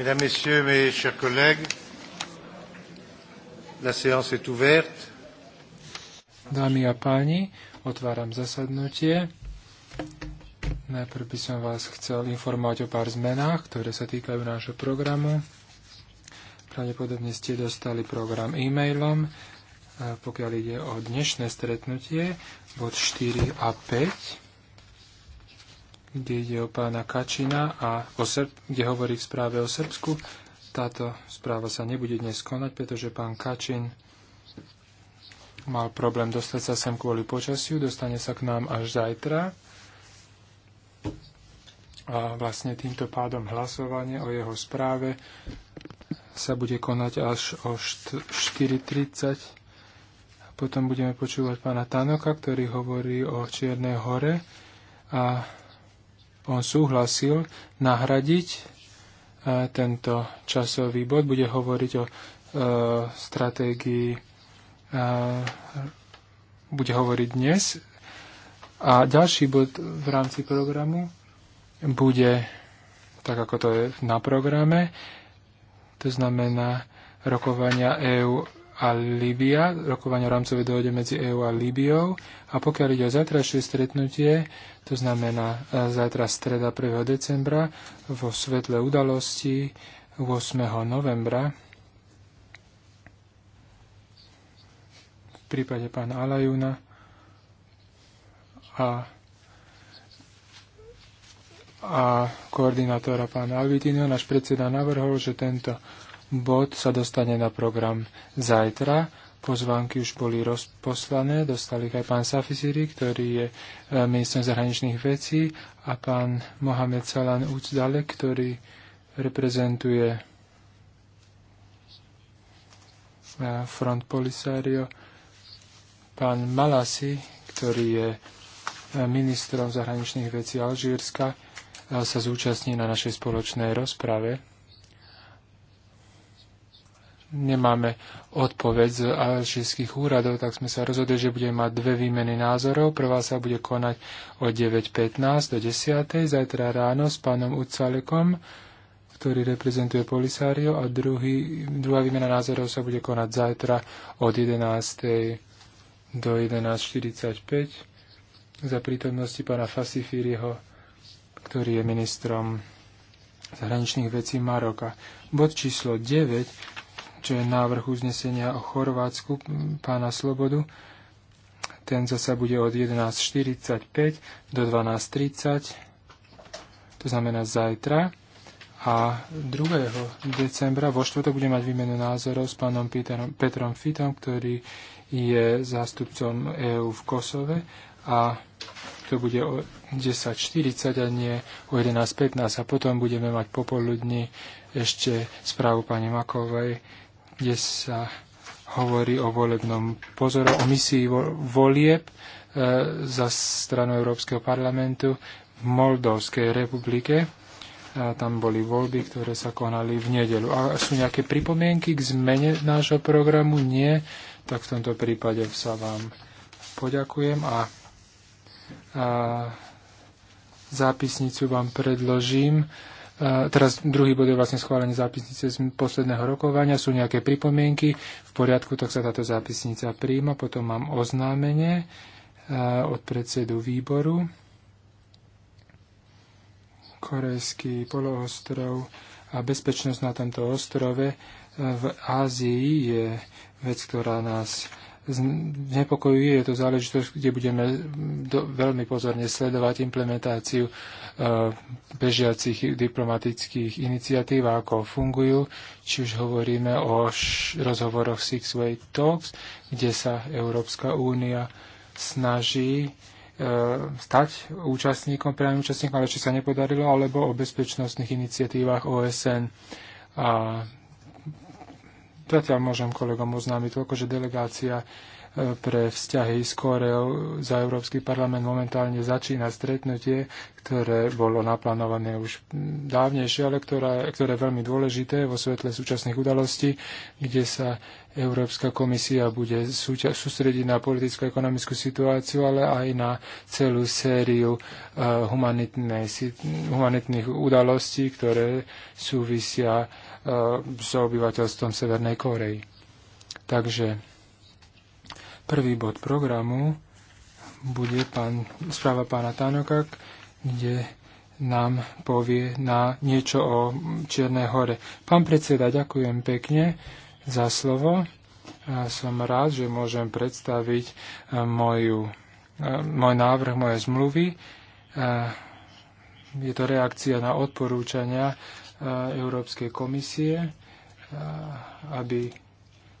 Mesdames, Messieurs, mes chers collègues, la séance est ouverte. Dámy a páni, otváram zasadnutie. Najprv by som vás chcel informovať o pár zmenách, ktoré sa týkajú nášho programu. Pravdepodobne ste dostali program e-mailom, pokiaľ ide o dnešné stretnutie, bod 4 a 5 kde ide o pána Kačina a o Srb, kde hovorí v správe o Srbsku. Táto správa sa nebude dnes konať, pretože pán Kačin mal problém dostať sa sem kvôli počasiu, dostane sa k nám až zajtra. A vlastne týmto pádom hlasovanie o jeho správe sa bude konať až o 4.30. Potom budeme počúvať pána Tanoka, ktorý hovorí o Čiernej hore. A on súhlasil nahradiť e, tento časový bod. Bude hovoriť o e, stratégii, e, bude hovoriť dnes. A ďalší bod v rámci programu bude, tak ako to je na programe, to znamená rokovania EU a Líbia, rokovanie o rámcovej dohode medzi EÚ a Líbiou. A pokiaľ ide o zajtrajšie stretnutie, to znamená e, zajtra streda 1. decembra, vo svetle udalosti 8. novembra, v prípade pána Alajuna a a koordinátora pána Alvitino, náš predseda navrhol, že tento bod sa dostane na program zajtra. Pozvánky už boli rozposlané, dostali ich aj pán Safiziri, ktorý je e, ministrom zahraničných vecí a pán Mohamed Salan Ucdale, ktorý reprezentuje e, Front Polisario, pán Malasi, ktorý je e, ministrom zahraničných vecí Alžírska, sa zúčastní na našej spoločnej rozprave nemáme odpoveď z alžírskych úradov, tak sme sa rozhodli, že budeme mať dve výmeny názorov. Prvá sa bude konať o 9.15 do 10.00 zajtra ráno s pánom Ucalekom, ktorý reprezentuje Polisario a druhý, druhá výmena názorov sa bude konať zajtra od 11.00 do 11.45 za prítomnosti pána Fasifíriho, ktorý je ministrom zahraničných vecí Maroka. Bod číslo 9 čo je návrh uznesenia o Chorvátsku pána Slobodu. Ten zasa bude od 11.45 do 12.30, to znamená zajtra. A 2. decembra vo štvrtok bude mať výmenu názorov s pánom Peterom, Petrom Fitom, ktorý je zástupcom EÚ v Kosove a to bude o 10.40 a nie o 11.15 a potom budeme mať popoludní ešte správu pani Makovej kde sa hovorí o volebnom pozore, o misii volieb e, za stranu Európskeho parlamentu v Moldovskej republike. A e, tam boli voľby, ktoré sa konali v nedelu. A sú nejaké pripomienky k zmene nášho programu? Nie. Tak v tomto prípade sa vám poďakujem a, a zápisnicu vám predložím teraz druhý bod je vlastne schválenie zápisnice z posledného rokovania. Sú nejaké pripomienky? V poriadku, tak sa táto zápisnica príjma. Potom mám oznámenie e, od predsedu výboru. Korejský poloostrov a bezpečnosť na tomto ostrove e, v Ázii je vec, ktorá nás znepokojuje. Je to záležitosť, kde budeme do, veľmi pozorne sledovať implementáciu e, bežiacich diplomatických iniciatív, ako fungujú. Či už hovoríme o rozhovoroch Six Way Talks, kde sa Európska únia snaží e, stať účastníkom, priamým účastníkom, ale či sa nepodarilo, alebo o bezpečnostných iniciatívach OSN. A Zatiaľ môžem kolegom oznámiť toľko, že delegácia pre vzťahy s Koreou za Európsky parlament momentálne začína stretnutie, ktoré bolo naplánované už dávnejšie, ale ktoré, ktoré je veľmi dôležité vo svetle súčasných udalostí, kde sa Európska komisia bude sústrediť na politickú a ekonomickú situáciu, ale aj na celú sériu eh, humanitných udalostí, ktoré súvisia eh, s obyvateľstvom Severnej Korei. Takže Prvý bod programu bude pán, správa pána Tanoka, kde nám povie na niečo o Čiernej hore. Pán predseda, ďakujem pekne za slovo. A som rád, že môžem predstaviť e, moju, e, môj návrh, moje zmluvy. E, je to reakcia na odporúčania Európskej komisie, aby,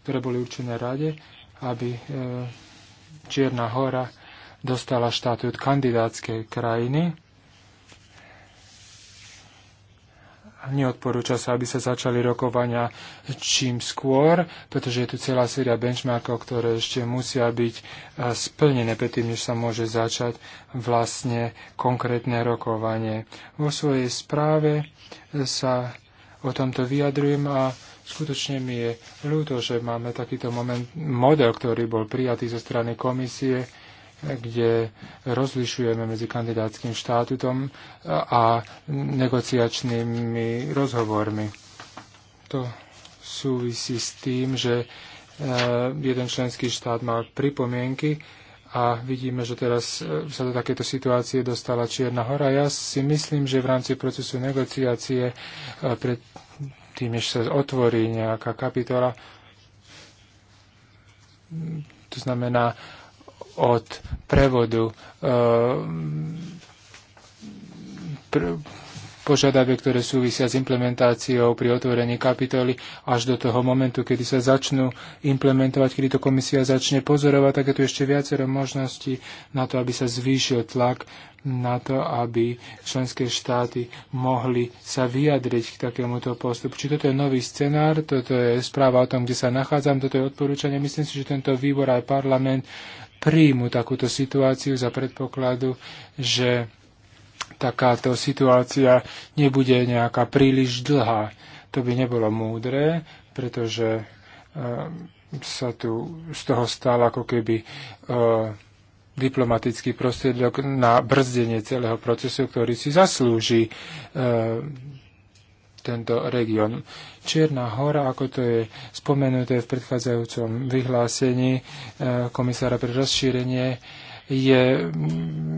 ktoré boli určené rade, aby e, Čierna hora dostala štatút kandidátskej krajiny. Neodporúča sa, aby sa začali rokovania čím skôr, pretože je tu celá séria benchmarkov, ktoré ešte musia byť e, splnené predtým, než sa môže začať vlastne konkrétne rokovanie. Vo svojej správe sa o tomto vyjadrujem a Skutočne mi je ľúto, že máme takýto moment, model, ktorý bol prijatý zo strany komisie, kde rozlišujeme medzi kandidátským štátutom a negociačnými rozhovormi. To súvisí s tým, že e, jeden členský štát má pripomienky a vidíme, že teraz e, sa do takéto situácie dostala Čierna hora. Ja si myslím, že v rámci procesu negociácie e, pred predtým, než sa otvorí nejaká kapitola. To znamená od prevodu e, eh, pre, požiadavie, ktoré súvisia s implementáciou pri otvorení kapitoly až do toho momentu, kedy sa začnú implementovať, kedy to komisia začne pozorovať, tak je tu ešte viacero možností na to, aby sa zvýšil tlak na to, aby členské štáty mohli sa vyjadriť k takémuto postupu. Či toto je nový scenár, toto je správa o tom, kde sa nachádzam, toto je odporúčanie. Myslím si, že tento výbor aj parlament príjmu takúto situáciu za predpokladu, že takáto situácia nebude nejaká príliš dlhá. To by nebolo múdre, pretože e, sa tu z toho stal ako keby e, diplomatický prostriedok na brzdenie celého procesu, ktorý si zaslúži e, tento región. Čierna hora, ako to je spomenuté v predchádzajúcom vyhlásení e, komisára pre rozšírenie, je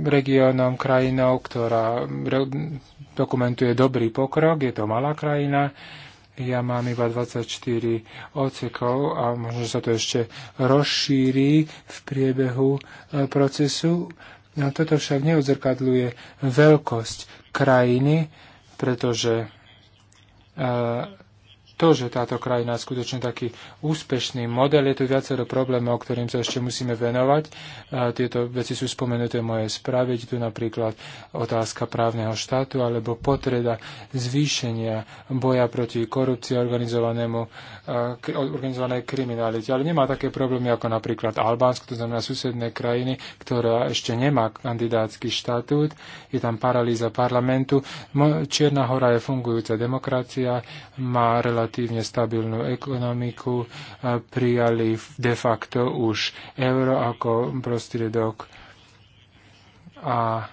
regiónom, krajinou, ktorá dokumentuje dobrý pokrok, je to malá krajina, ja mám iba 24 ocekov a možno sa to ešte rozšíri v priebehu e, procesu. No, toto však neodzrkadľuje veľkosť krajiny, pretože e, to, že táto krajina je skutočne taký úspešný model. Je tu viacero problémov, ktorým sa ešte musíme venovať. Tieto veci sú spomenuté v mojej správe. Tu napríklad otázka právneho štátu alebo potreba zvýšenia boja proti korupcii organizovanému, organizovanej kriminalite. Ale nemá také problémy ako napríklad Albánsko, to znamená susedné krajiny, ktorá ešte nemá kandidátsky štatút. Je tam paralýza parlamentu. Čierna hora je fungujúca demokracia, má relatívne relatívne stabilnú ekonomiku, prijali de facto už euro ako prostriedok a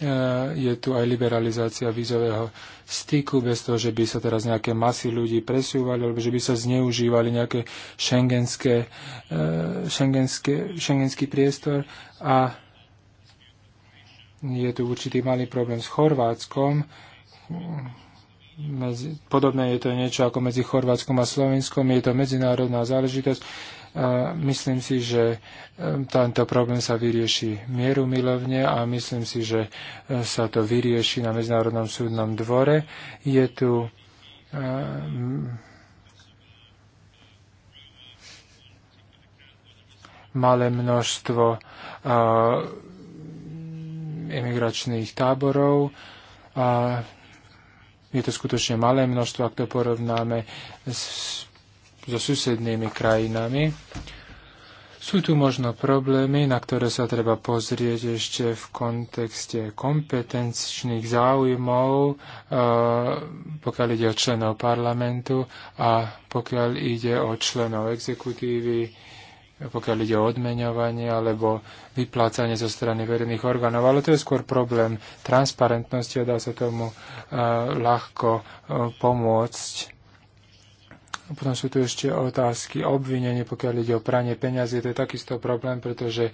e, je tu aj liberalizácia vízového styku, bez toho, že by sa teraz nejaké masy ľudí presúvali, alebo že by sa zneužívali nejaké šengenské, e, šengenské, šengenský priestor. A je tu určitý malý problém s Chorvátskom, medzi, podobné je to niečo ako medzi Chorvátskom a Slovenskom, je to medzinárodná záležitosť. A myslím si, že tento problém sa vyrieši mierumilovne a myslím si, že e, sa to vyrieši na Medzinárodnom súdnom dvore. Je tu malé množstvo imigračných táborov a je to skutočne malé množstvo, ak to porovnáme s, so susednými krajinami. Sú tu možno problémy, na ktoré sa treba pozrieť ešte v kontexte kompetenčných záujmov, e, pokiaľ ide o členov parlamentu a pokiaľ ide o členov exekutívy pokiaľ ide o odmeňovanie alebo vyplácanie zo strany verejných orgánov, ale to je skôr problém transparentnosti a dá sa tomu uh, ľahko uh, pomôcť. Potom sú tu ešte otázky obvinenie, pokiaľ ide o pranie peňazí. To je takisto problém, pretože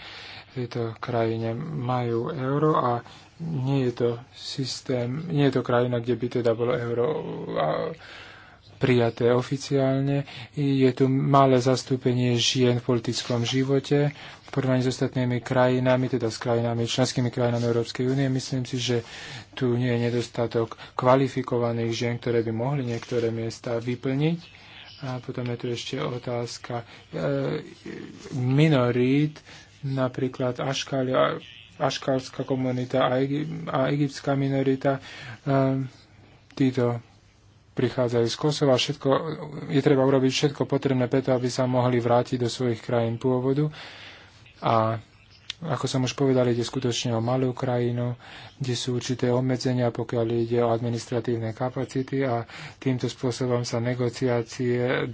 tieto krajine majú euro a nie je to systém, nie je to krajina, kde by teda bolo euro. Uh, prijaté oficiálne. Je tu malé zastúpenie žien v politickom živote v porovnaní s ostatnými krajinami, teda s krajinami, členskými krajinami Európskej únie. Myslím si, že tu nie je nedostatok kvalifikovaných žien, ktoré by mohli niektoré miesta vyplniť. A potom je tu ešte otázka e, minorít, napríklad Aškália, aškalská komunita a, egyptská minorita. E, títo prichádzajú z Kosova. Všetko, je treba urobiť všetko potrebné preto, aby sa mohli vrátiť do svojich krajín pôvodu. A ako som už povedal, ide skutočne o malú krajinu, kde sú určité obmedzenia, pokiaľ ide o administratívne kapacity a týmto spôsobom sa negociácie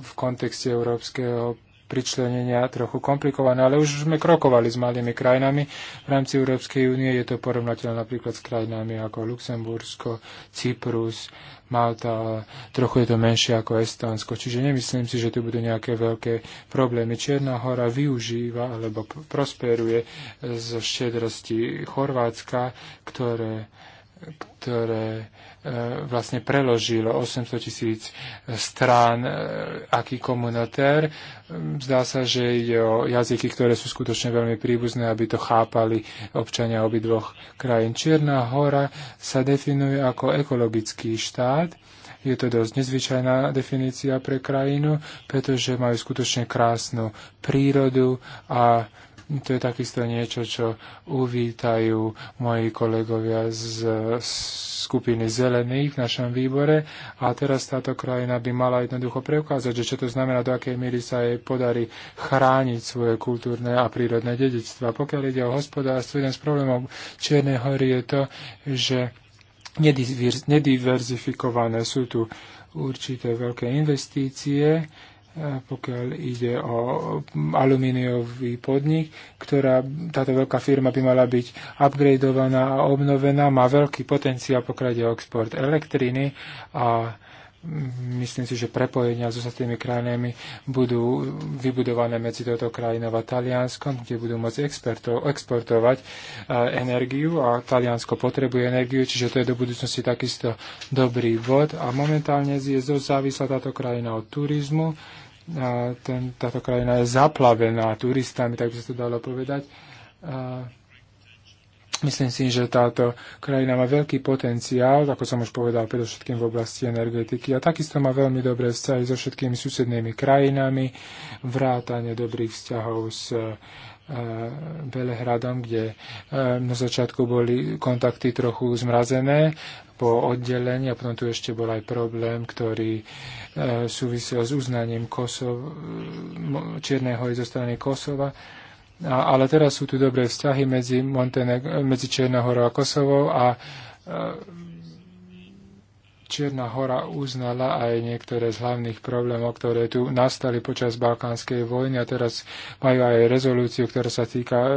v kontexte európskeho pričlenenia trochu komplikované, ale už sme krokovali s malými krajinami. V rámci Európskej únie je to porovnateľné napríklad s krajinami ako Luxembursko, Cyprus, Malta, ale trochu je to menšie ako Estonsko, Čiže nemyslím si, že tu budú nejaké veľké problémy. Čierna hora využíva alebo prosperuje zo štedrosti Chorvátska, ktoré ktoré e, vlastne preložilo 800 tisíc strán e, aký komunatér. E, zdá sa, že ide o jazyky, ktoré sú skutočne veľmi príbuzné, aby to chápali občania obidvoch krajín. Čierna hora sa definuje ako ekologický štát. Je to dosť nezvyčajná definícia pre krajinu, pretože majú skutočne krásnu prírodu a to je takisto niečo, čo uvítajú moji kolegovia z, skupiny zelených v našom výbore a teraz táto krajina by mala jednoducho preukázať, že čo to znamená, do akej miery sa jej podarí chrániť svoje kultúrne a prírodné dedictva. Pokiaľ ide o hospodárstvo, jeden z problémov Čiernej hory je to, že nediverzifikované sú tu určité veľké investície, pokiaľ ide o alumíniový podnik, ktorá táto veľká firma by mala byť upgradeovaná a obnovená, má veľký potenciál, pokiaľ ide o export elektriny a mm, myslím si, že prepojenia s so ostatnými krajinami budú vybudované medzi touto krajinou a Talianskom, kde budú môcť exportovať e, energiu a Taliansko potrebuje energiu, čiže to je do budúcnosti takisto dobrý vod a momentálne je závislá táto krajina od turizmu, ten, táto krajina je zaplavená turistami, tak by sa to dalo povedať. A myslím si, že táto krajina má veľký potenciál, ako som už povedal, predovšetkým v oblasti energetiky a takisto má veľmi dobré vzťahy so všetkými susednými krajinami, vrátanie dobrých vzťahov s Belehradom, kde e, na začiatku boli kontakty trochu zmrazené po oddelení a potom tu ešte bol aj problém, ktorý e, súvisel s uznaním Kosov, Čierneho hory zo strany Kosova. A, ale teraz sú tu dobré vzťahy medzi, medzi Čiernou a Kosovou a e, Čierna hora uznala aj niektoré z hlavných problémov, ktoré tu nastali počas Balkánskej vojny a teraz majú aj rezolúciu, ktorá sa týka eh,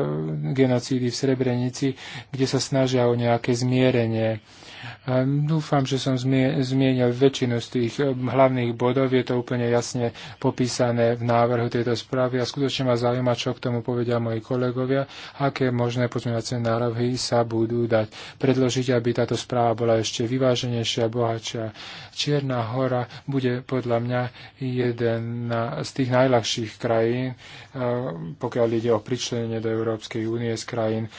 genocídy v Srebrenici, kde sa snažia o nejaké zmierenie Dúfam, že som zmienil väčšinu z tých eh, hlavných bodov. Je to úplne jasne popísané v návrhu tejto správy a skutočne ma zaujíma, čo k tomu povedia moji kolegovia, aké možné pozmeňovacie návrhy sa budú dať predložiť, aby táto správa bola ešte vyváženejšia, bohatšia. Čierna hora bude podľa mňa jeden z tých najľahších krajín, eh, pokiaľ ide o pričlenenie do Európskej únie z krajín eh,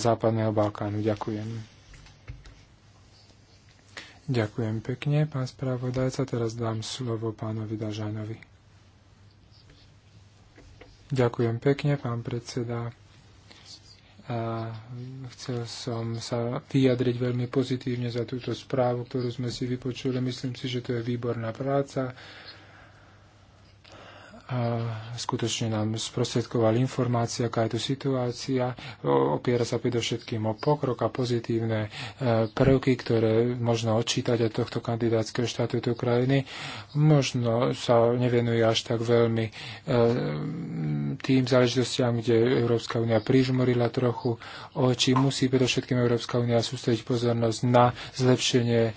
Západného Balkánu. Ďakujem. Ďakujem pekne, pán spravodajca. Teraz dám slovo pánovi Dažanovi. Ďakujem pekne, pán predseda. A chcel som sa vyjadriť veľmi pozitívne za túto správu, ktorú sme si vypočuli. Myslím si, že to je výborná práca skutočne nám sprostredkoval informácie, aká je tu situácia. Opiera sa predovšetkým o pokrok a pozitívne e, prvky, ktoré možno odčítať od tohto kandidátskeho štatútu krajiny. Možno sa nevenuje až tak veľmi e, tým záležitostiam, kde Európska únia prižmorila trochu oči. Musí predovšetkým Európska únia sústrediť pozornosť na zlepšenie e,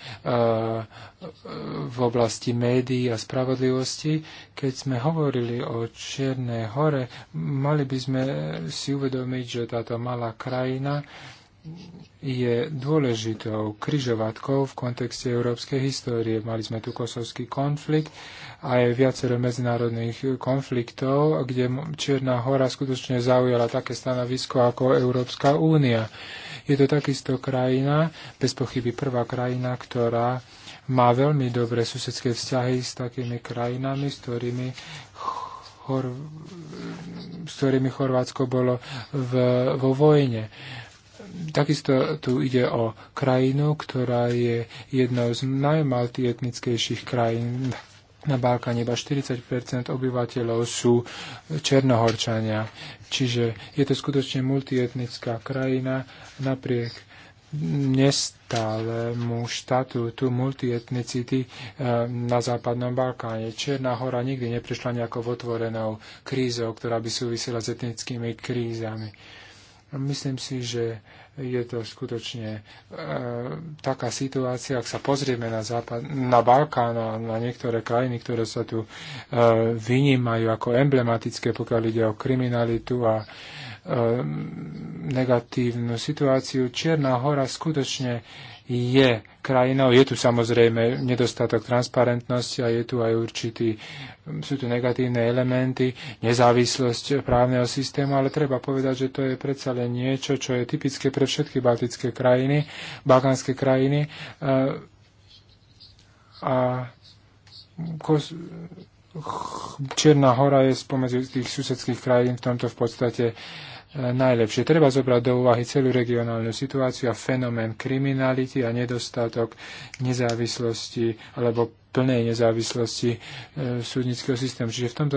v oblasti médií a spravodlivosti. Keď sme hovorili hovorili o Čiernej hore, mali by sme si uvedomiť, že táto malá krajina je dôležitou križovatkou v kontexte európskej histórie. Mali sme tu kosovský konflikt a aj viacero medzinárodných konfliktov, kde Čierna hora skutočne zaujala také stanovisko ako Európska únia. Je to takisto krajina, bez pochyby prvá krajina, ktorá má veľmi dobré susedské vzťahy s takými krajinami, s ktorými Chor- s ktorými Chorvátsko bolo v, vo vojne. Takisto tu ide o krajinu, ktorá je jednou z najmaltietnickejších krajín na Balkáne. Iba 40 obyvateľov sú Černohorčania. Čiže je to skutočne multietnická krajina napriek nestálemu štatútu multietnicity eh, na Západnom Balkáne. Černá hora nikdy neprešla nejakou otvorenou krízou, ktorá by súvisela s etnickými krízami. Myslím si, že je to skutočne e, taká situácia, ak sa pozrieme na, západ, na Balkán a na niektoré krajiny, ktoré sa tu e, vynímajú ako emblematické, pokiaľ ide o kriminalitu a e, Ehm, negatívnu situáciu. Čierna hora skutočne je krajinou. Je tu samozrejme nedostatok transparentnosti a je tu aj určitý, ehm, sú tu negatívne elementy, nezávislosť právneho systému, ale treba povedať, že to je predsa len niečo, čo je typické pre všetky baltické krajiny, balkánske krajiny. Ehm, a Čierna hora je spomedzi tých susedských krajín v tomto v podstate najlepšie. Treba zobrať do úvahy celú regionálnu situáciu a fenomén kriminality a nedostatok nezávislosti alebo plnej nezávislosti e, súdnického systému. Čiže v tomto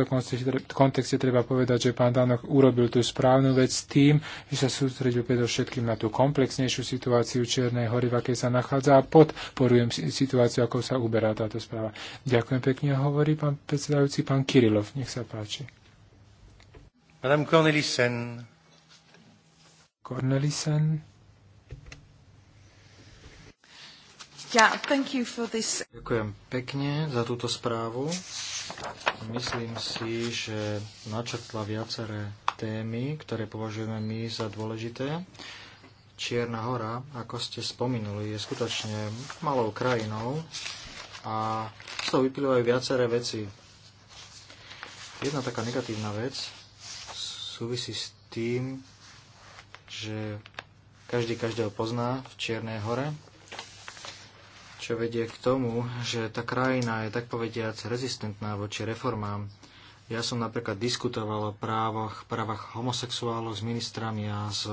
kontexte treba povedať, že pán Danok urobil tú správnu vec tým, že sa sústredil predovšetkým na tú komplexnejšiu situáciu Čiernej hory, v akej sa nachádza a podporujem situáciu, ako sa uberá táto správa. Ďakujem pekne, hovorí pán predsedajúci, pán Kirilov. Nech sa páči. Madame Cornelissen. Cornelissen. Ďakujem pekne za túto správu. Myslím si, že načrtla viaceré témy, ktoré považujeme my za dôležité. Čierna hora, ako ste spomínali, je skutočne malou krajinou a z toho vyplývajú viaceré veci. Jedna taká negatívna vec súvisí s tým, že každý každého pozná v Čiernej hore, čo vedie k tomu, že tá krajina je tak povediac rezistentná voči reformám. Ja som napríklad diskutoval o právach, právach homosexuálov s ministrami a s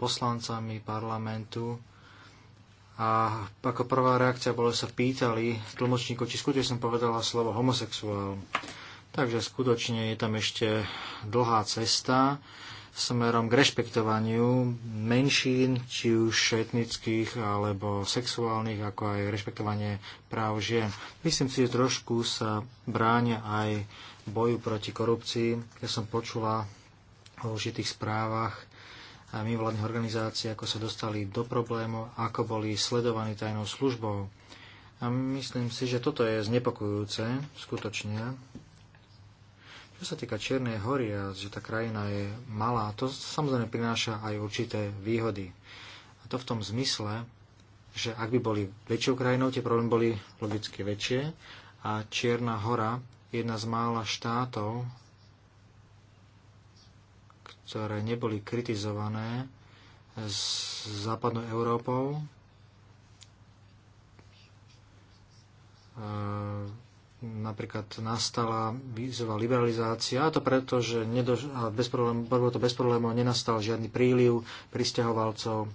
poslancami parlamentu. A ako prvá reakcia bolo, sa pýtali tlmočníkov, či skutočne som povedala slovo homosexuál. Takže skutočne je tam ešte dlhá cesta smerom k rešpektovaniu menšín, či už etnických alebo sexuálnych, ako aj rešpektovanie práv žien. Myslím si, že trošku sa bráňa aj boju proti korupcii. Ja som počula o určitých správach a mimovládnych organizácií, ako sa dostali do problémov, ako boli sledovaní tajnou službou. A myslím si, že toto je znepokojujúce skutočne. Čo sa týka Čiernej hory a že tá krajina je malá, to samozrejme prináša aj určité výhody. A to v tom zmysle, že ak by boli väčšou krajinou, tie problémy boli logicky väčšie a Čierna hora je jedna z mála štátov, ktoré neboli kritizované s západnou Európou. E napríklad nastala vízová liberalizácia, a to preto, že nedož- a bez problém, bolo to bez problémov, nenastal žiadny príliv pristahovalcov.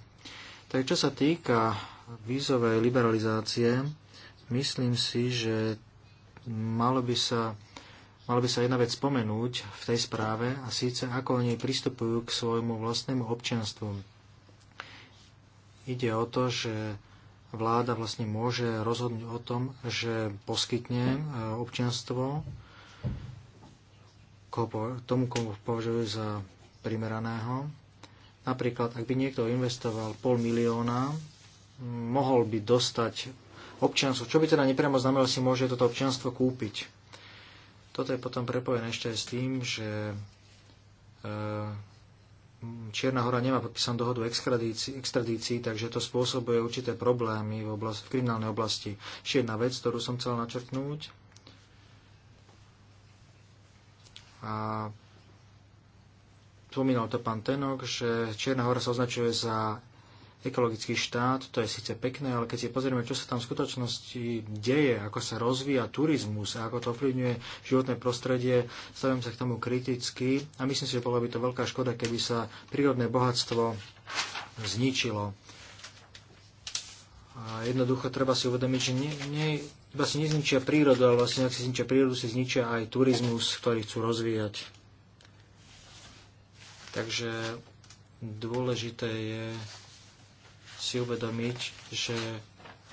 Takže čo sa týka vízovej liberalizácie, myslím si, že malo by sa, malo by sa jedna vec spomenúť v tej správe a síce ako oni pristupujú k svojmu vlastnému občianstvu. Ide o to, že vláda vlastne môže rozhodnúť o tom, že poskytne hm. e, občianstvo tomu, komu považujú za primeraného. Napríklad, ak by niekto investoval pol milióna, mohol by dostať občianstvo, čo by teda nepriamo znamenalo, si môže toto občianstvo kúpiť. Toto je potom prepojené ešte aj s tým, že e, Čierna hora nemá podpísanú dohodu extradícii, extradícii, takže to spôsobuje určité problémy v, oblasti, v kriminálnej oblasti. Ešte jedna vec, ktorú som chcel načrtnúť. A spomínal to pán Tenok, že Čierna hora sa označuje za ekologický štát, to je síce pekné, ale keď si pozrieme, čo sa tam v skutočnosti deje, ako sa rozvíja turizmus a ako to ovplyvňuje životné prostredie, stavím sa k tomu kriticky a myslím si, že bola by to veľká škoda, keby sa prírodné bohatstvo zničilo. A jednoducho treba si uvedomiť, že nie, nie, iba si nezničia prírodu, ale vlastne ak si zničia prírodu, si zničia aj turizmus, ktorý chcú rozvíjať. Takže dôležité je si uvedomiť, že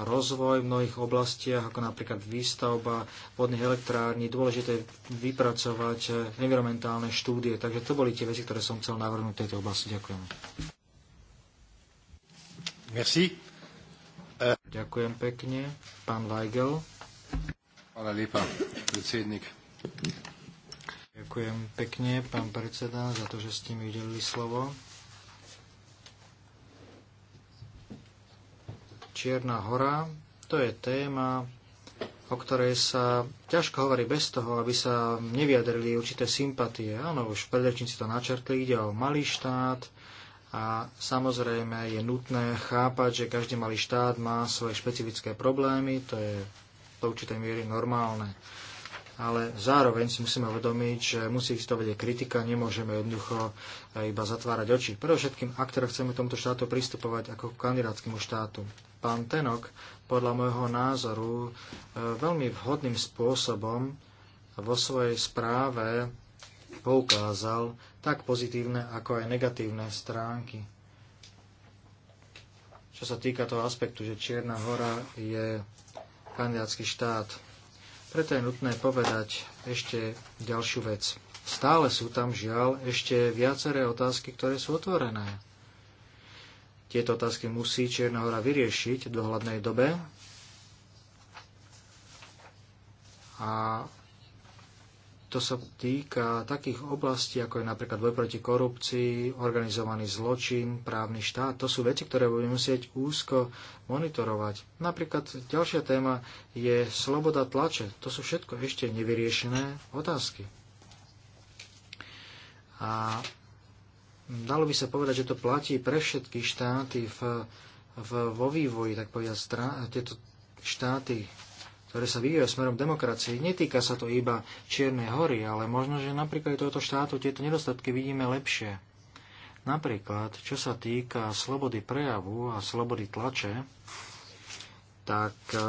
rozvoj v mnohých oblastiach, ako napríklad výstavba vodných elektrární, dôležité vypracovať eh, environmentálne štúdie. Takže to boli tie veci, ktoré som chcel navrhnúť v tejto oblasti. Ďakujem. Merci. Eh. Ďakujem pekne. Pán Weigel. Hvala lepa, predsednik. Ďakujem pekne, pán predseda, za to, že ste mi udelili slovo. Čierna hora, to je téma, o ktorej sa ťažko hovorí bez toho, aby sa nevyjadrili určité sympatie. Áno, už predrečníci to načrtli, ide o malý štát a samozrejme je nutné chápať, že každý malý štát má svoje špecifické problémy, to je do určitej miery normálne. Ale zároveň si musíme uvedomiť, že musí existovať aj kritika, nemôžeme jednoducho eh, iba zatvárať oči. Predovšetkým, ak teda chceme tomuto štátu pristupovať ako k kandidátskému štátu pán Tenok podľa môjho názoru e, veľmi vhodným spôsobom vo svojej správe poukázal tak pozitívne, ako aj negatívne stránky. Čo sa týka toho aspektu, že Čierna hora je kandidátsky štát. Preto je nutné povedať ešte ďalšiu vec. Stále sú tam žiaľ ešte viaceré otázky, ktoré sú otvorené. Tieto otázky musí Čierna hora vyriešiť v dohľadnej dobe. A to sa týka takých oblastí, ako je napríklad boj proti korupcii, organizovaný zločin, právny štát. To sú veci, ktoré budeme musieť úzko monitorovať. Napríklad ďalšia téma je sloboda tlače. To sú všetko ešte nevyriešené otázky. A dalo by sa povedať, že to platí pre všetky štáty v, v, vo vývoji, tak povedať, strá, tieto štáty, ktoré sa vyvíjajú smerom demokracie. Netýka sa to iba Čiernej hory, ale možno, že napríklad tohoto štátu tieto nedostatky vidíme lepšie. Napríklad, čo sa týka slobody prejavu a slobody tlače, tak e,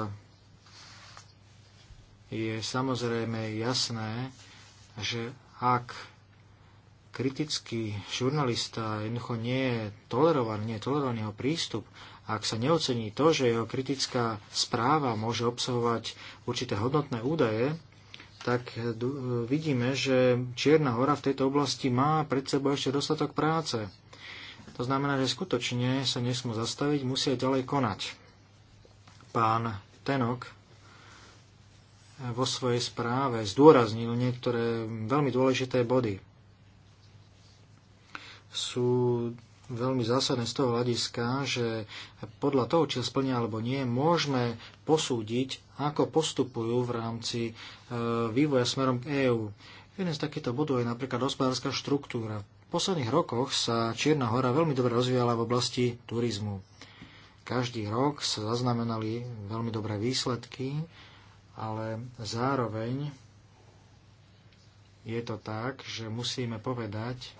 je samozrejme jasné, že ak kritický žurnalista jednoducho nie je tolerovaný, nie je tolerovaný jeho prístup, ak sa neocení to, že jeho kritická správa môže obsahovať určité hodnotné údaje, tak vidíme, že Čierna hora v tejto oblasti má pred sebou ešte dostatok práce. To znamená, že skutočne sa nesmú zastaviť, musia ďalej konať. Pán Tenok vo svojej správe zdôraznil niektoré veľmi dôležité body sú veľmi zásadné z toho hľadiska, že podľa toho, či splnia alebo nie, môžeme posúdiť, ako postupujú v rámci e, vývoja smerom k EÚ. Jeden z takýchto bodov je napríklad hospodárska štruktúra. V posledných rokoch sa Čierna hora veľmi dobre rozvíjala v oblasti turizmu. Každý rok sa zaznamenali veľmi dobré výsledky, ale zároveň je to tak, že musíme povedať,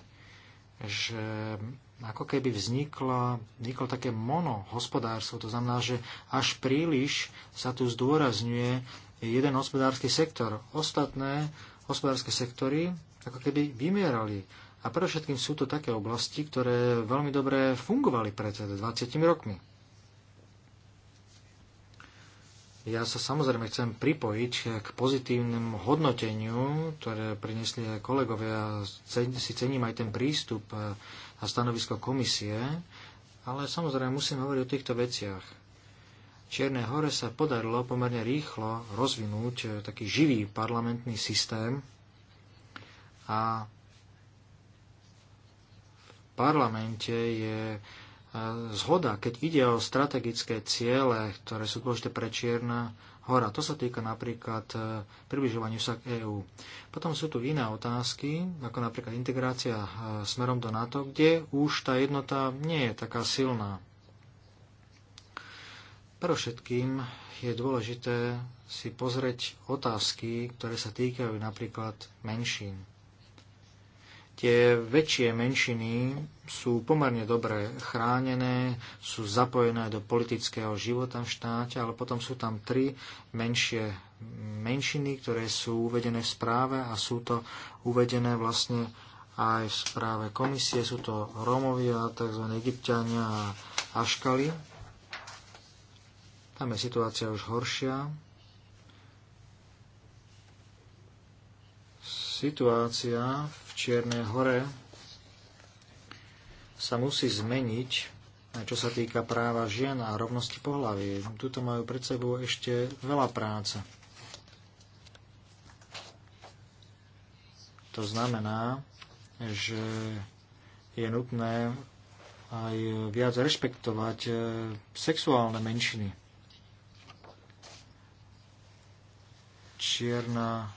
že ako keby vzniklo vzniklo také monohospodárstvo. To znamená, že až príliš sa tu zdôrazňuje jeden hospodársky sektor. Ostatné hospodárske sektory ako keby vymierali. A predovšetkým sú to také oblasti, ktoré veľmi dobre fungovali pred 20 rokmi. Ja sa samozrejme chcem pripojiť k pozitívnemu hodnoteniu, ktoré priniesli aj kolegovia. Si cením aj ten prístup eh, a stanovisko komisie, ale samozrejme musím hovoriť o týchto veciach. Čiernej hore sa podarilo pomerne rýchlo rozvinúť eh, taký živý parlamentný systém a v parlamente je zhoda, keď ide o strategické ciele, ktoré sú dôležité pre Čierna hora. To sa týka napríklad e, približovaniu sa k EÚ. Potom sú tu iné otázky, ako napríklad integrácia e, smerom do NATO, kde už tá jednota nie je taká silná. Pre všetkým je dôležité si pozrieť otázky, ktoré sa týkajú napríklad menšín tie väčšie menšiny sú pomerne dobre chránené, sú zapojené do politického života v štáte, ale potom sú tam tri menšie menšiny, ktoré sú uvedené v správe a sú to uvedené vlastne aj v správe komisie. Sú to Rómovia, tzv. Egyptiania a Aškali. Tam je situácia už horšia. Situácia v Čiernej hore sa musí zmeniť, čo sa týka práva žien a rovnosti pohlaví. Tuto majú pred sebou ešte veľa práce. To znamená, že je nutné aj viac rešpektovať e, sexuálne menšiny. Čierna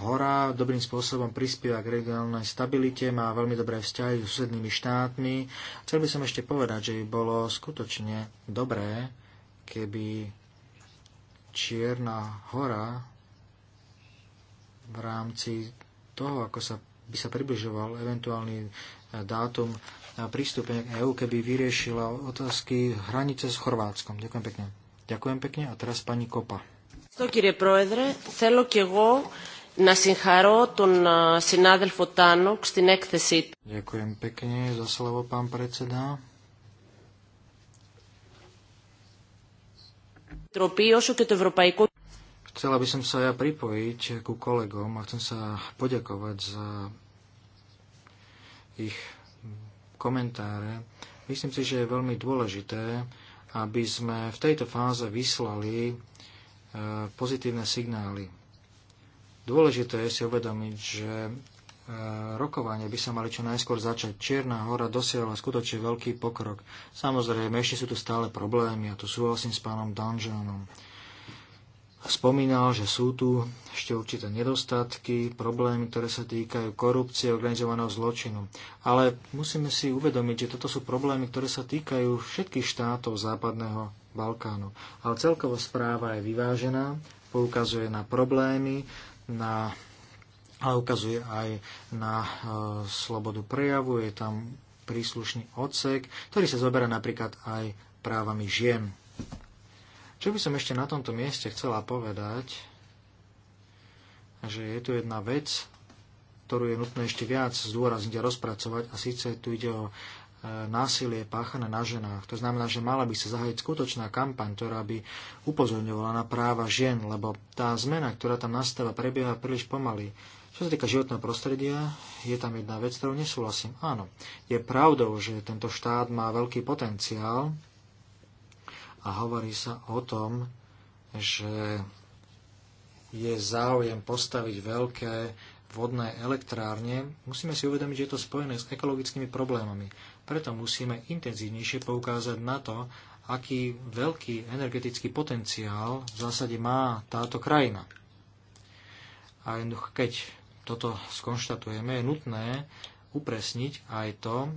hora dobrým spôsobom prispieva k regionálnej stabilite, má veľmi dobré vzťahy s susednými štátmi. Chcel by som ešte povedať, že by bolo skutočne dobré, keby Čierna hora v rámci toho, ako sa, by sa približoval eventuálny e, dátum e, prístupenia k EÚ, keby vyriešila otázky hranice s Chorvátskom. Ďakujem pekne. Ďakujem pekne a teraz pani Kopa. Sto, kýre, proedre, celo kýre, na syncharo ton synádel Tánok στην έκθεση. Ďakujem pekne za slovo, pán predseda. Chcela by som sa ja pripojiť ku kolegom a chcem sa poďakovať za ich komentáre. Myslím si, že je veľmi dôležité, aby sme v tejto fáze vyslali e, pozitívne signály. Dôležité je si uvedomiť, že e, rokovanie by sa mali čo najskôr začať. Čierna hora dosiahla skutočne veľký pokrok. Samozrejme, ešte sú tu stále problémy a tu súhlasím s pánom Dungeonom. Spomínal, že sú tu ešte určité nedostatky, problémy, ktoré sa týkajú korupcie, organizovaného zločinu. Ale musíme si uvedomiť, že toto sú problémy, ktoré sa týkajú všetkých štátov západného Balkánu. Ale celkovo správa je vyvážená, poukazuje na problémy, na, ale ukazuje aj na e, slobodu prejavu. Je tam príslušný odsek, ktorý sa zoberá napríklad aj právami žien. Čo by som ešte na tomto mieste chcela povedať, že je tu jedna vec, ktorú je nutné ešte viac zdôrazniť a rozpracovať, a síce tu ide o násilie páchané na ženách. To znamená, že mala by sa zahájiť skutočná kampaň, ktorá by upozorňovala na práva žien, lebo tá zmena, ktorá tam nastáva, prebieha príliš pomaly. Čo sa týka životného prostredia, je tam jedna vec, ktorou nesúhlasím. Áno, je pravdou, že tento štát má veľký potenciál a hovorí sa o tom, že je záujem postaviť veľké vodné elektrárne, musíme si uvedomiť, že je to spojené s ekologickými problémami. Preto musíme intenzívnejšie poukázať na to, aký veľký energetický potenciál v zásade má táto krajina. A keď toto skonštatujeme, je nutné upresniť aj to,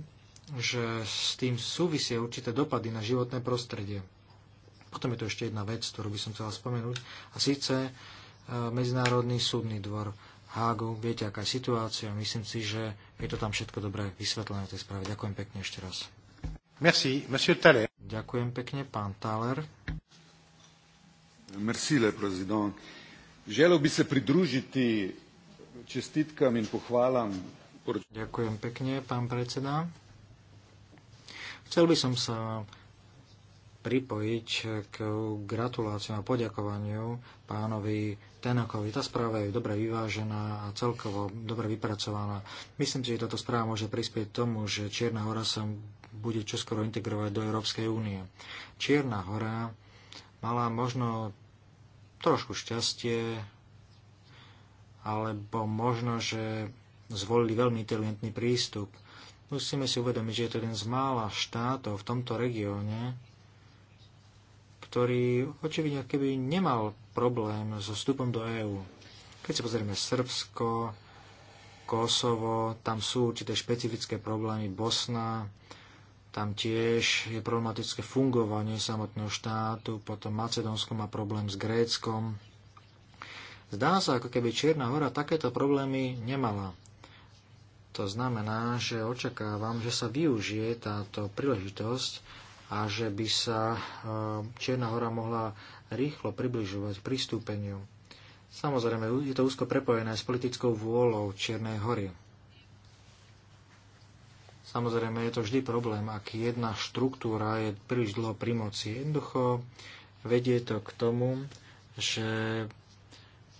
že s tým súvisia určité dopady na životné prostredie. Potom je tu ešte jedna vec, ktorú by som chcela spomenúť, a síce e, Medzinárodný súdny dvor. Hágu. Viete, aká je situácia. Myslím si, že je to tam všetko dobre vysvetlené v tej správe. Ďakujem pekne ešte raz. Merci, monsieur Thaler. Ďakujem pekne, pán Thaler. Merci, le président. Želo by sa pridružiť čestitkám in pochválam. Ďakujem pekne, pán predseda. Chcel by som sa pripojiť k gratuláciám a poďakovaniu pánovi Tenokov. Tá správa je dobre vyvážená a celkovo dobre vypracovaná. Myslím si, že táto správa môže prispieť tomu, že Čierna hora sa bude čoskoro integrovať do Európskej únie. Čierna hora mala možno trošku šťastie, alebo možno, že zvolili veľmi inteligentný prístup. Musíme si uvedomiť, že je to jeden z mála štátov v tomto regióne, ktorý očividne keby nemal problém so vstupom do EÚ. Keď si pozrieme Srbsko, Kosovo, tam sú určité špecifické problémy, Bosna, tam tiež je problematické fungovanie samotného štátu, potom Macedónsko má problém s Gréckom. Zdá sa, ako keby Čierna hora takéto problémy nemala. To znamená, že očakávam, že sa využije táto príležitosť a že by sa e, Čierna hora mohla rýchlo približovať k pristúpeniu. Samozrejme, je to úzko prepojené s politickou vôľou Čiernej hory. Samozrejme, je to vždy problém, ak jedna štruktúra je príliš dlho pri moci. Jednoducho vedie to k tomu, že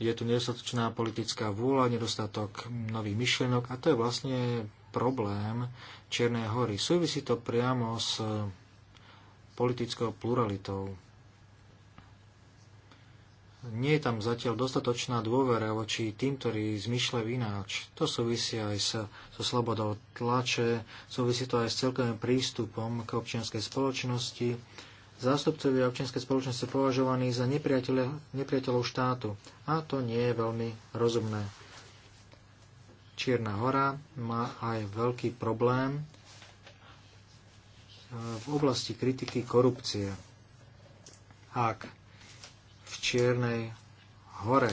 je tu nedostatočná politická vôľa, nedostatok nových myšlienok a to je vlastne problém Čiernej hory. Súvisí to priamo s politickou pluralitou. Nie je tam zatiaľ dostatočná dôvera voči tým, ktorí zmyšľajú ináč. To súvisí aj sa, so slobodou tlače, súvisí to aj s celkovým prístupom k občianskej spoločnosti. Zástupcovia občianskej spoločnosti sú považovaní za nepriateľov štátu a to nie je veľmi rozumné. Čierna hora má aj veľký problém v oblasti kritiky korupcie. Ak v Čiernej hore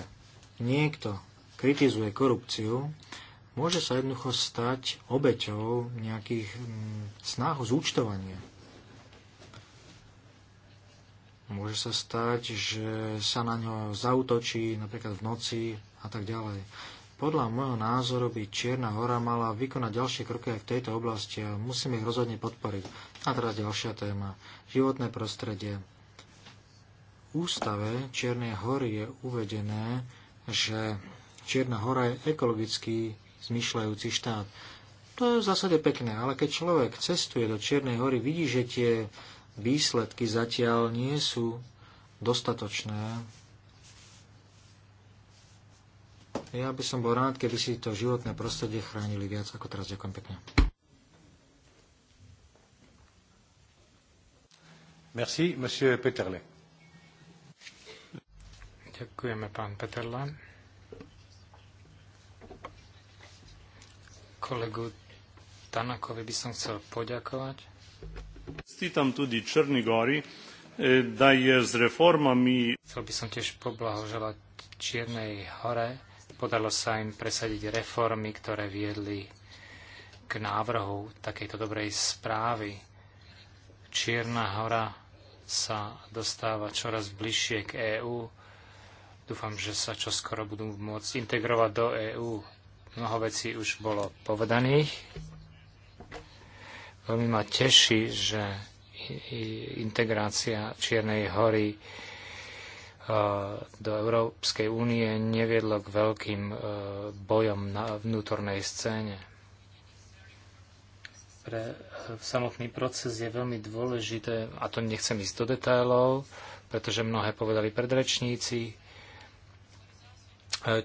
niekto kritizuje korupciu, môže sa jednoducho stať obeťou nejakých mm, snah o zúčtovanie. Môže sa stať, že sa na ňo zautočí napríklad v noci a tak ďalej. Podľa môjho názoru by Čierna hora mala vykonať ďalšie kroky aj v tejto oblasti a musíme ich rozhodne podporiť. A teraz ďalšia téma. Životné prostredie. V ústave Čiernej hory je uvedené, že Čierna hora je ekologicky zmyšľajúci štát. To je v zásade pekné, ale keď človek cestuje do Čiernej hory, vidí, že tie výsledky zatiaľ nie sú dostatočné Ja by som bol rád, keby si to životné prostredie chránili viac ako teraz. Ďakujem pekne. Merci, monsieur Peterle. Ďakujeme, pán Peterle. Kolegu Tanakovi by som chcel poďakovať. Stýtam tudi Črni Gori, e, da je s reformami... Chcel by som tiež poblahoželať Čiernej hore Podarilo sa im presadiť reformy, ktoré viedli k návrhu takejto dobrej správy. Čierna hora sa dostáva čoraz bližšie k EÚ. Dúfam, že sa čoskoro budú môcť integrovať do EÚ. Mnoho vecí už bolo povedaných. Veľmi ma teší, že integrácia Čiernej hory do Európskej únie neviedlo k veľkým e, bojom na vnútornej scéne. Pre e, samotný proces je veľmi dôležité, a to nechcem ísť do detailov, pretože mnohé povedali predrečníci. E,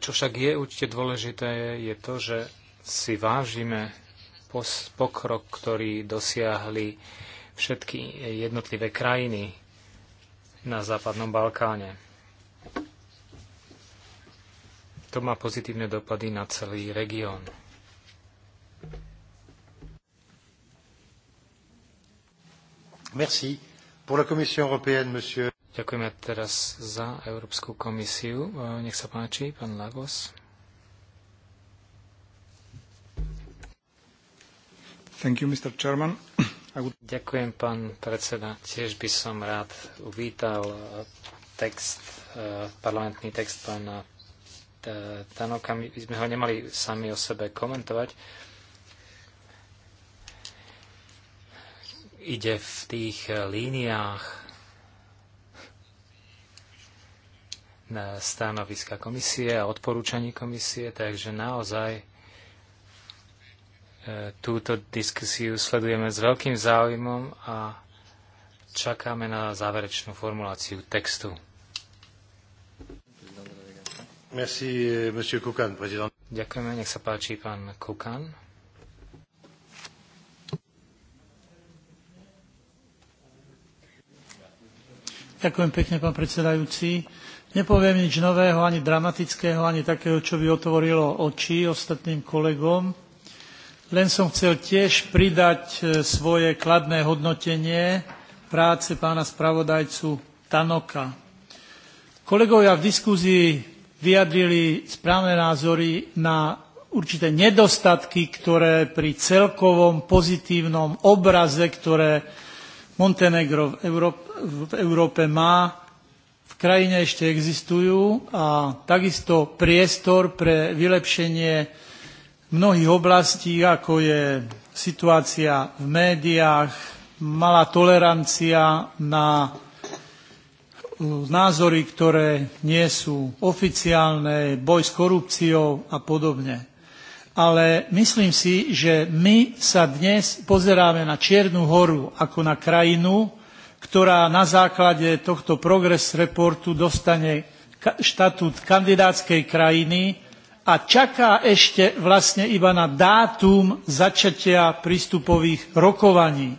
čo však je určite dôležité, je to, že si vážime pokrok, ktorý dosiahli všetky jednotlivé krajiny na Západnom Balkáne. To má pozitívne dopady na celý región. Merci. Pour la Commission européenne, monsieur. Ďakujeme teraz za Európsku komisiu. E, nech sa páči, pán Lagos. Thank you, Mr. Chairman. Ďakujem, pán predseda. Tiež by som rád uvítal e, text, e, parlamentný text pána e, Tanoka. My sme ho nemali sami o sebe komentovať. Ide v tých líniách na stanoviska komisie a odporúčaní komisie, takže naozaj túto diskusiu sledujeme s veľkým záujmom a čakáme na záverečnú formuláciu textu. Merci, eh, Kukan, Ďakujeme, nech sa páči, pán Kukan. Ďakujem pekne, pán predsedajúci. Nepoviem nič nového, ani dramatického, ani takého, čo by otvorilo oči ostatným kolegom len som chcel tiež pridať e, svoje kladné hodnotenie práce pána spravodajcu Tanoka. Kolegovia v diskuzii vyjadrili správne názory na určité nedostatky, ktoré pri celkovom pozitívnom obraze, ktoré Montenegro v v Európe má, v krajine ešte existujú a takisto priestor pre vylepšenie mnohých oblastí, ako je situácia v médiách, malá tolerancia na e, názory, ktoré nie sú oficiálne, boj s korupciou a podobne. Ale myslím si, že my sa dnes pozeráme na Čiernu horu ako na krajinu, ktorá na základe tohto Progress Reportu dostane štatút kandidátskej krajiny a čaká ešte vlastne iba na dátum začatia prístupových rokovaní.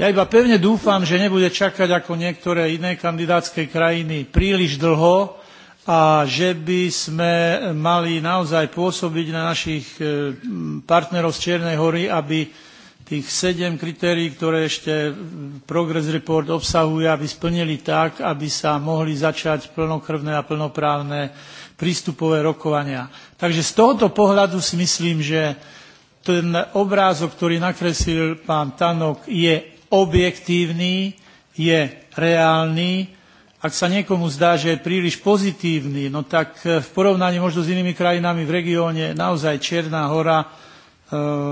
Ja iba pevne dúfam, že nebude čakať ako niektoré iné kandidátske krajiny príliš dlho a že by sme mali naozaj pôsobiť na našich e, partnerov z Čiernej hory, aby tých sedem kritérií, ktoré ešte Progress Report obsahuje, aby splnili tak, aby sa mohli začať plnokrvné a plnoprávne prístupové rokovania. Takže z tohoto pohľadu si myslím, že ten obrázok, ktorý nakreslil pán Tanok, je objektívny, je reálny. Ak sa niekomu zdá, že je príliš pozitívny, no tak e, v porovnaní možno s inými krajinami v regióne naozaj Čierna hora e,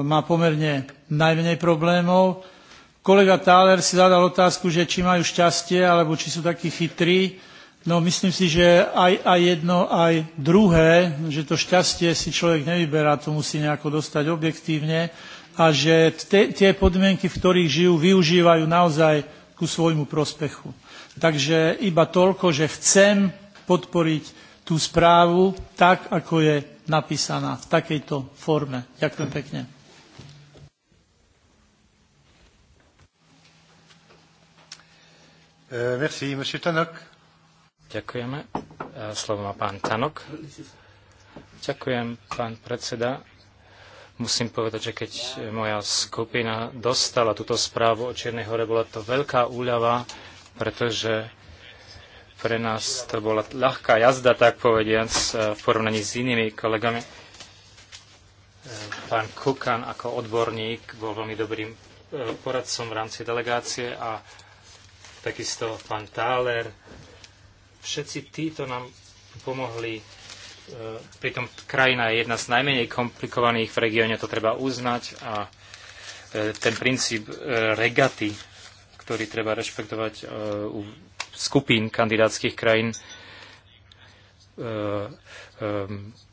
má pomerne najmenej problémov. Kolega Thaler si zadal otázku, že či majú šťastie, alebo či sú takí chytrí. No myslím si, že aj, aj jedno, aj druhé, že to šťastie si človek nevyberá, to musí nejako dostať objektívne a že te, tie podmienky, v ktorých žijú, využívajú naozaj ku svojmu prospechu. Takže iba toľko, že chcem podporiť tú správu tak, ako je napísaná v takejto forme. Ďakujem pekne. Eh, merci, monsieur Tanok. Ďakujeme. E, slovo má pán Tanok. Ďakujem, pán predseda. Musím povedať, že keď moja skupina dostala túto správu o Čiernej hore, bola to veľká úľava, pretože pre nás to bola ľahká jazda, tak povediac, e, v porovnaní s inými kolegami. E, pán Kukan ako odborník bol veľmi dobrým poradcom v rámci delegácie a takisto pán Táler, Všetci títo nám pomohli. E, pritom krajina je jedna z najmenej komplikovaných v regióne, to treba uznať. A e, ten princíp e, regaty, ktorý treba rešpektovať u skupín kandidátskych krajín,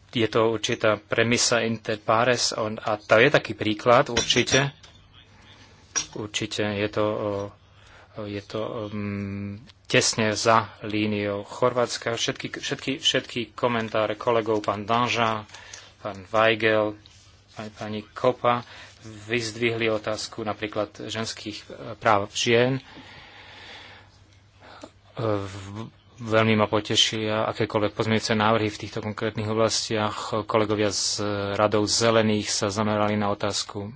je to určitá premisa inter pares a to je taký príklad určite. Určite je to, je to um, tesne za líniou Chorvátska. Všetky, všetky, všetky komentáre kolegov, pán Danža, pán Weigel, aj pani Kopa, vyzdvihli otázku napríklad ženských e, práv žien. E, veľmi ma potešia akékoľvek pozmeňujúce návrhy v týchto konkrétnych oblastiach. Kolegovia z radov zelených sa zamerali na otázku e,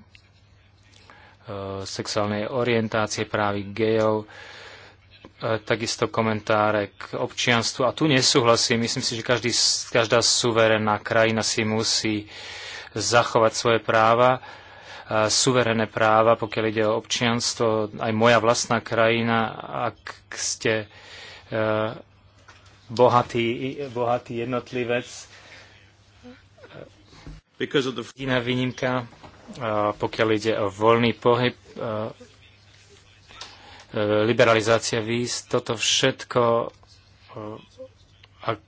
sexuálnej orientácie, právy gejov, E, takisto komentáre k občianstvu. A tu nesúhlasím. Myslím si, že každý, každá suverénna krajina si musí zachovať svoje práva, e, suverénne práva, pokiaľ ide o občianstvo. Aj moja vlastná krajina, ak ste e, bohatý, bohatý jednotlivec, Iná výnimka, pokiaľ ide o voľný pohyb, E, liberalizácia víz, toto všetko, e, ak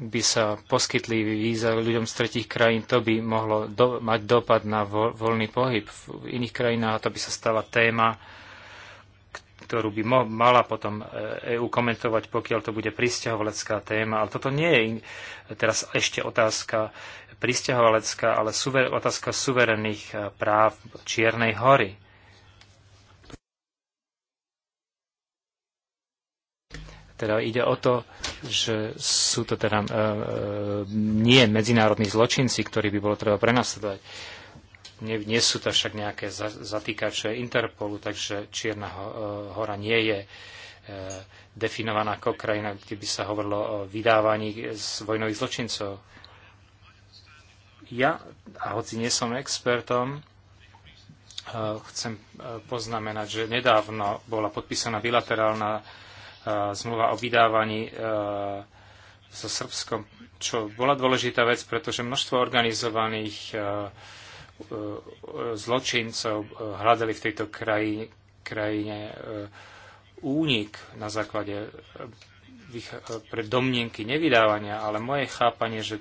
by sa poskytli víza ľuďom z tretich krajín, to by mohlo do, mať dopad na vo, voľný pohyb v iných krajinách a to by sa stala téma, ktorú by mo, mala potom EU e komentovať, pokiaľ to bude pristahovalecká téma. Ale toto nie je teraz ešte otázka pristahovalecká, ale suver, otázka suverených práv Čiernej hory Teda ide o to, že sú to teda e, e, nie medzinárodní zločinci, ktorí by bolo treba prenasledovať. Nie, nie sú to však nejaké za, zatýkače Interpolu, takže Čierna e, hora nie je e, definovaná ako krajina, kde by sa hovorilo o vydávaní z vojnových zločincov. Ja, a hoci nie som expertom, e, chcem poznamenať, že nedávno bola podpísaná bilaterálna zmluva o vydávaní so Srbskom, čo bola dôležitá vec, pretože množstvo organizovaných zločincov hľadali v tejto krajine, krajine únik na základe pre domnienky nevydávania, ale moje chápanie, že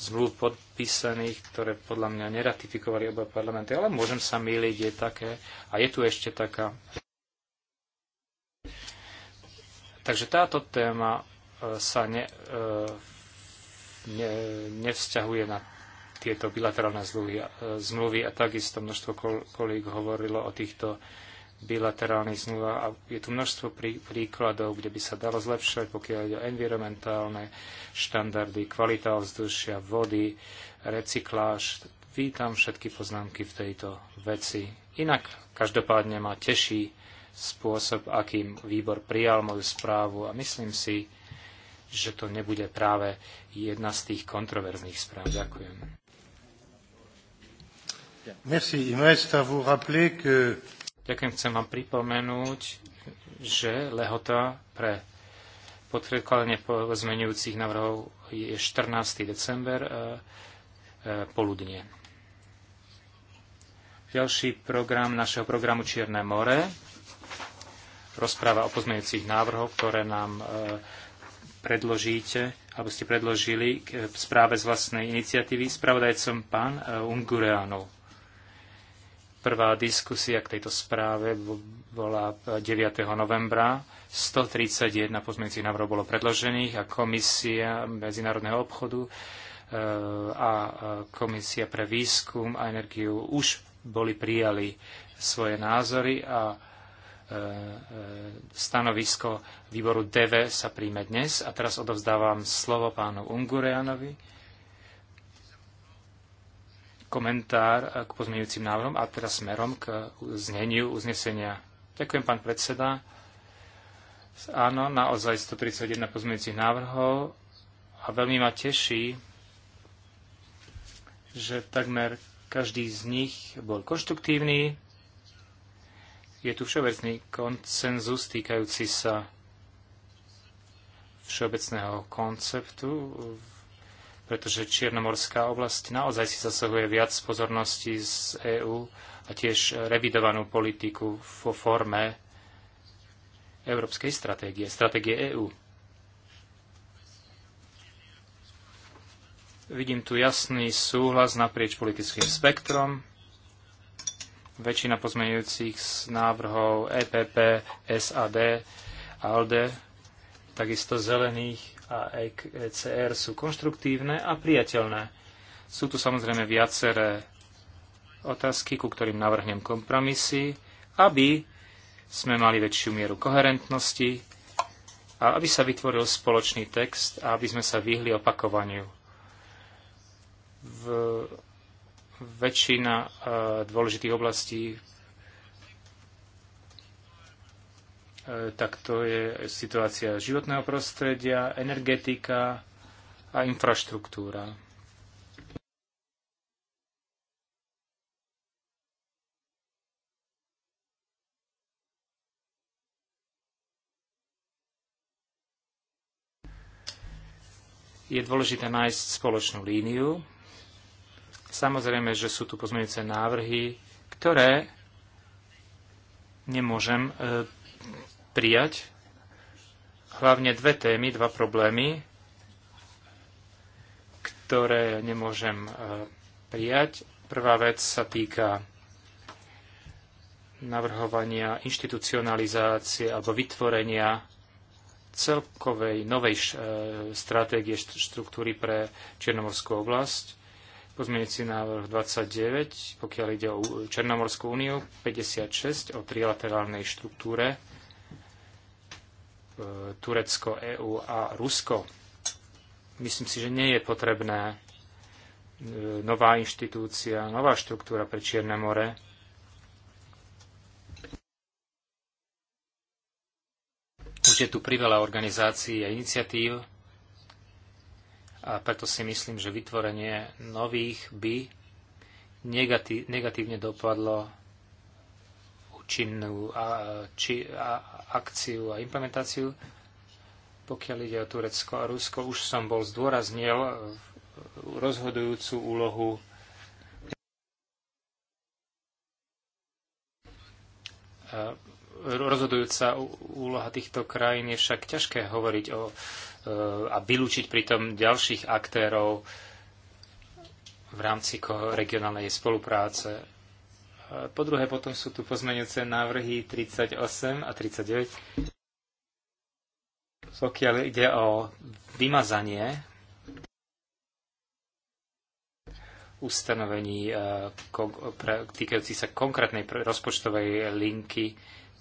zmluv podpísaných, ktoré podľa mňa neratifikovali oba parlamenty, ale môžem sa myliť, je také. A je tu ešte taká Takže táto téma e, sa ne, e, ne, nevzťahuje na tieto bilaterálne zmluvy, e, zmluvy a takisto množstvo kolík hovorilo o týchto bilaterálnych zmluvách a je tu množstvo prí, príkladov, kde by sa dalo zlepšovať, pokiaľ ide o environmentálne štandardy, kvalita vzdušia, vody, recykláž. Vítam všetky poznámky v tejto veci. Inak každopádne ma teší spôsob, akým výbor prijal moju správu a myslím si, že to nebude práve jedna z tých kontroverzných správ. Ďakujem. Merci. Ďakujem, chcem vám pripomenúť, že lehota pre podpredkladanie zmenujúcich návrhov je 14. december e, e, poludne. Ďalší program našeho programu Čierne more rozpráva o pozmeňujúcich návrhoch, ktoré nám e, predložíte, alebo ste predložili k e, správe z vlastnej iniciatívy. Spravodajcom pán e, Ungureanov. Prvá diskusia k tejto správe bola 9. novembra. 131 pozmeňujúcich návrhov bolo predložených a Komisia medzinárodného obchodu a Komisia pre výskum a energiu už boli prijali svoje názory a E, e, stanovisko výboru DV sa príjme dnes. A teraz odovzdávam slovo pánu Ungureanovi. Komentár e, k pozmeňujúcim návrhom a teraz smerom k zneniu uznesenia. Ďakujem, pán predseda. Áno, naozaj 131 pozmeňujúcich návrhov a veľmi ma teší, že takmer každý z nich bol konštruktívny, je tu všeobecný koncenzus týkajúci sa všeobecného konceptu, pretože Čiernomorská oblasť naozaj si zasahuje viac pozornosti z EÚ a tiež revidovanú politiku vo forme európskej stratégie, stratégie EÚ. Vidím tu jasný súhlas naprieč politickým spektrom Väčšina pozmeňujúcich z návrhov EPP, SAD, ALDE, takisto zelených a ECR sú konštruktívne a priateľné. Sú tu samozrejme viaceré otázky, ku ktorým navrhnem kompromisy, aby sme mali väčšiu mieru koherentnosti a aby sa vytvoril spoločný text a aby sme sa vyhli opakovaniu. V väčšina e, dôležitých oblastí e, tak to je situácia životného prostredia, energetika a infraštruktúra. Je dôležité nájsť spoločnú líniu Samozrejme, že sú tu pozmeňujúce návrhy, ktoré nemôžem e, prijať. Hlavne dve témy, dva problémy, ktoré nemôžem e, prijať. Prvá vec sa týka navrhovania inštitucionalizácie alebo vytvorenia celkovej novej štratégie e, štruktúry pre Černomorskú oblasť pozmeňujúci návrh 29, pokiaľ ide o Černomorskú úniu, 56 o trilaterálnej štruktúre e, Turecko, EÚ a Rusko. Myslím si, že nie je potrebné e, nová inštitúcia, nová štruktúra pre Čierne more. Už je tu priveľa organizácií a iniciatív, a preto si myslím, že vytvorenie nových by negatívne dopadlo účinnú a, či, a, akciu a implementáciu. Pokiaľ ide o Turecko a Rusko, už som bol zdôraznil e, rozhodujúcu úlohu e, rozhodujúca úloha týchto krajín je však ťažké hovoriť o a vylúčiť pritom ďalších aktérov v rámci regionálnej spolupráce. Po druhé, potom sú tu pozmeňujúce návrhy 38 a 39. Pokiaľ ide o vymazanie ustanovení e, týkajúci sa konkrétnej rozpočtovej linky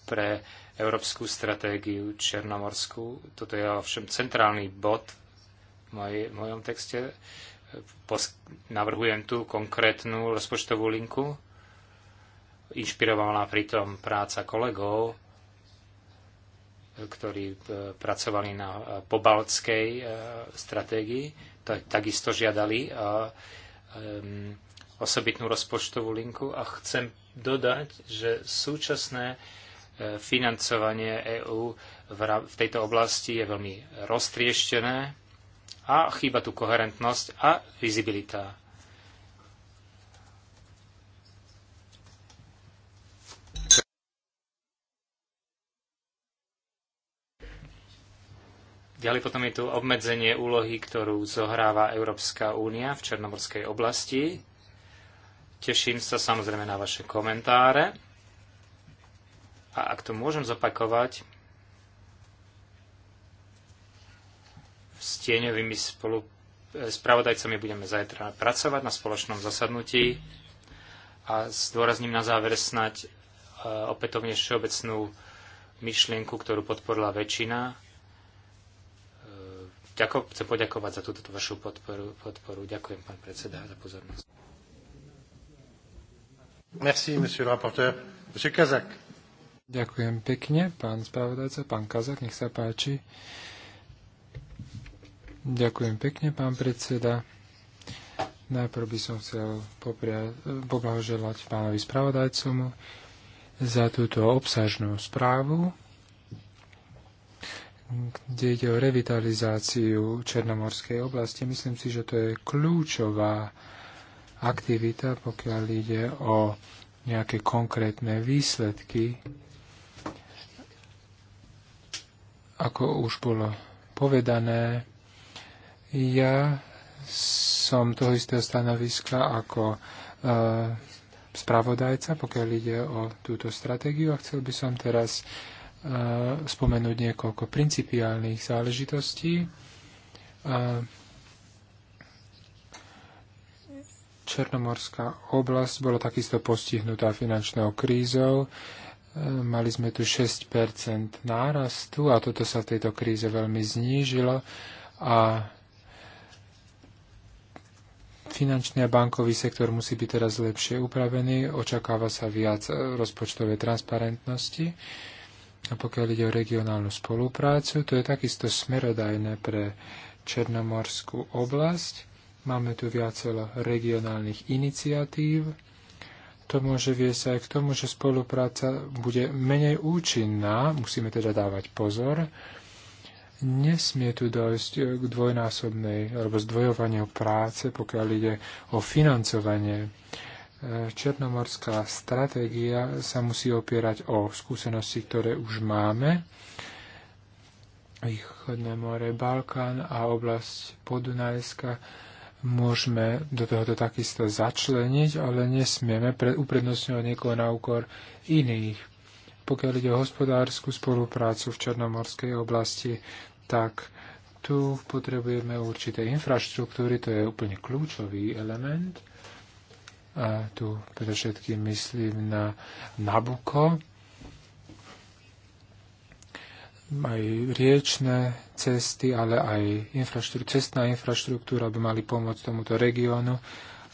pre európsku stratégiu černomorskú. Toto je ovšem centrálny bod v moj, mojom texte. Pos- navrhujem tu konkrétnu rozpočtovú linku. Inšpirovala pritom práca kolegov, ktorí e, pracovali na e, pobaltskej e, stratégii. Takisto žiadali osobitnú rozpočtovú linku a chcem dodať, že súčasné financovanie EÚ v tejto oblasti je veľmi roztrieštené a chýba tu koherentnosť a vizibilita. Ďalej potom je tu obmedzenie úlohy, ktorú zohráva Európska únia v Černomorskej oblasti. Teším sa samozrejme na vaše komentáre. A ak to môžem zopakovať, s tieňovými spolu, e, spravodajcami budeme zajtra pracovať na spoločnom zasadnutí a zdôrazním na záver snať e, opätovne všeobecnú myšlienku, ktorú podporila väčšina. E, ďako, chcem poďakovať za túto vašu podporu, podporu. Ďakujem, pán predseda, za pozornosť. Merci, monsieur le rapporteur. Monsieur Kazak. Ďakujem pekne, pán spravodajca, pán Kazak, nech sa páči. Ďakujem pekne, pán predseda. Najprv by som chcel poblahoželať pánovi spravodajcomu za túto obsažnú správu, kde ide o revitalizáciu Černomorskej oblasti. Myslím si, že to je kľúčová aktivita, pokiaľ ide o nejaké konkrétne výsledky Ako už bolo povedané, ja som toho istého stanoviska ako e, spravodajca, pokiaľ ide o túto stratégiu a chcel by som teraz e, spomenúť niekoľko principiálnych záležitostí. E, Černomorská oblasť bola takisto postihnutá finančnou krízou. E, Eh, mali sme tu 6 nárastu a toto sa v tejto kríze veľmi znížilo a finančný a bankový sektor musí byť teraz lepšie upravený, očakáva sa viac eh, rozpočtovej transparentnosti. A pokiaľ ide o regionálnu spoluprácu, to je takisto smerodajné pre Černomorskú oblasť. Máme tu viacero regionálnych iniciatív, to môže viesť aj k tomu, že spolupráca bude menej účinná, musíme teda dávať pozor, nesmie tu dojsť k dvojnásobnej alebo zdvojovaniu práce, pokiaľ ide o financovanie. Černomorská stratégia sa musí opierať o skúsenosti, ktoré už máme. Východné more, Balkán a oblasť Podunajska môžeme do tohoto takisto začleniť, ale nesmieme uprednostňovať niekoho na úkor iných. Pokiaľ ide o hospodárskú spoluprácu v Černomorskej oblasti, tak tu potrebujeme určité infraštruktúry, to je úplne kľúčový element. A tu predovšetkým myslím na Nabuko, aj riečné cesty, ale aj infraštru- cestná infraštruktúra by mali pomôcť tomuto regiónu.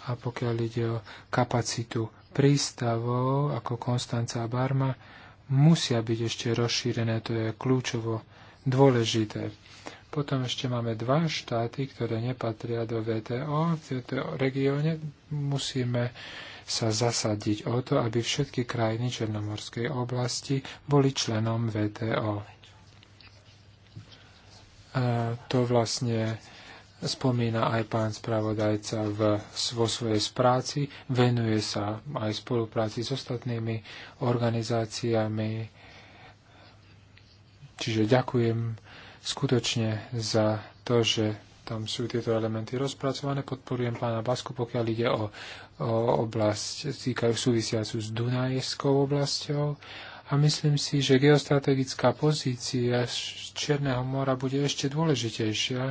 A pokiaľ ide o kapacitu prístavov ako Konstanca a Barma, musia byť ešte rozšírené, to je kľúčovo dôležité. Potom ešte máme dva štáty, ktoré nepatria do VTO. V tejto regióne musíme sa zasadiť o to, aby všetky krajiny Černomorskej oblasti boli členom VTO to vlastne spomína aj pán spravodajca v, vo svojej spráci, venuje sa aj spolupráci s ostatnými organizáciami. Čiže ďakujem skutočne za to, že tam sú tieto elementy rozpracované. Podporujem pána Basku, pokiaľ ide o, o oblasť týkajú súvisiacu s Dunajskou oblasťou a myslím si, že geostrategická pozícia z Černého mora bude ešte dôležitejšia,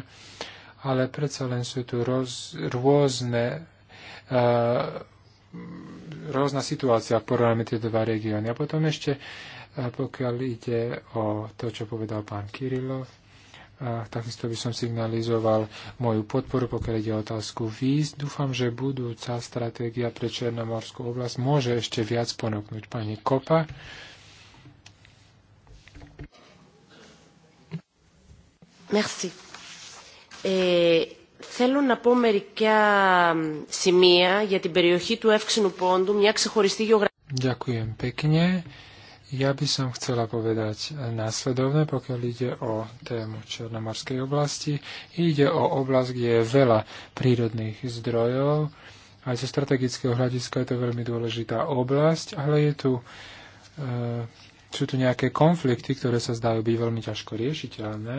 ale predsa len sú tu roz, rôzne uh, rôzna situácia, v porovnáme tie dva regióny. A potom ešte, eh, pokiaľ ide o to, čo povedal pán Kirilov, a eh, takisto by som signalizoval moju podporu, pokiaľ ide o otázku víz. Dúfam, že budúca stratégia pre Černomorskú oblasť môže ešte viac ponúknuť pani Kopa. Merci. Ε, θέλω να πω μερικά σημεία για την περιοχή του Εύξηνου Πόντου, μια ξεχωριστή γεωγραφική. Ďakujem pekne. Ja by som chcela povedať následovné, pokiaľ ide o tému Černomorskej oblasti. Ide o oblasť, kde je veľa prírodných zdrojov. Aj zo strategického hľadiska je to veľmi dôležitá oblasť, ale je tu, e, sú tu nejaké konflikty, ktoré sa zdajú byť veľmi ťažko riešiteľné.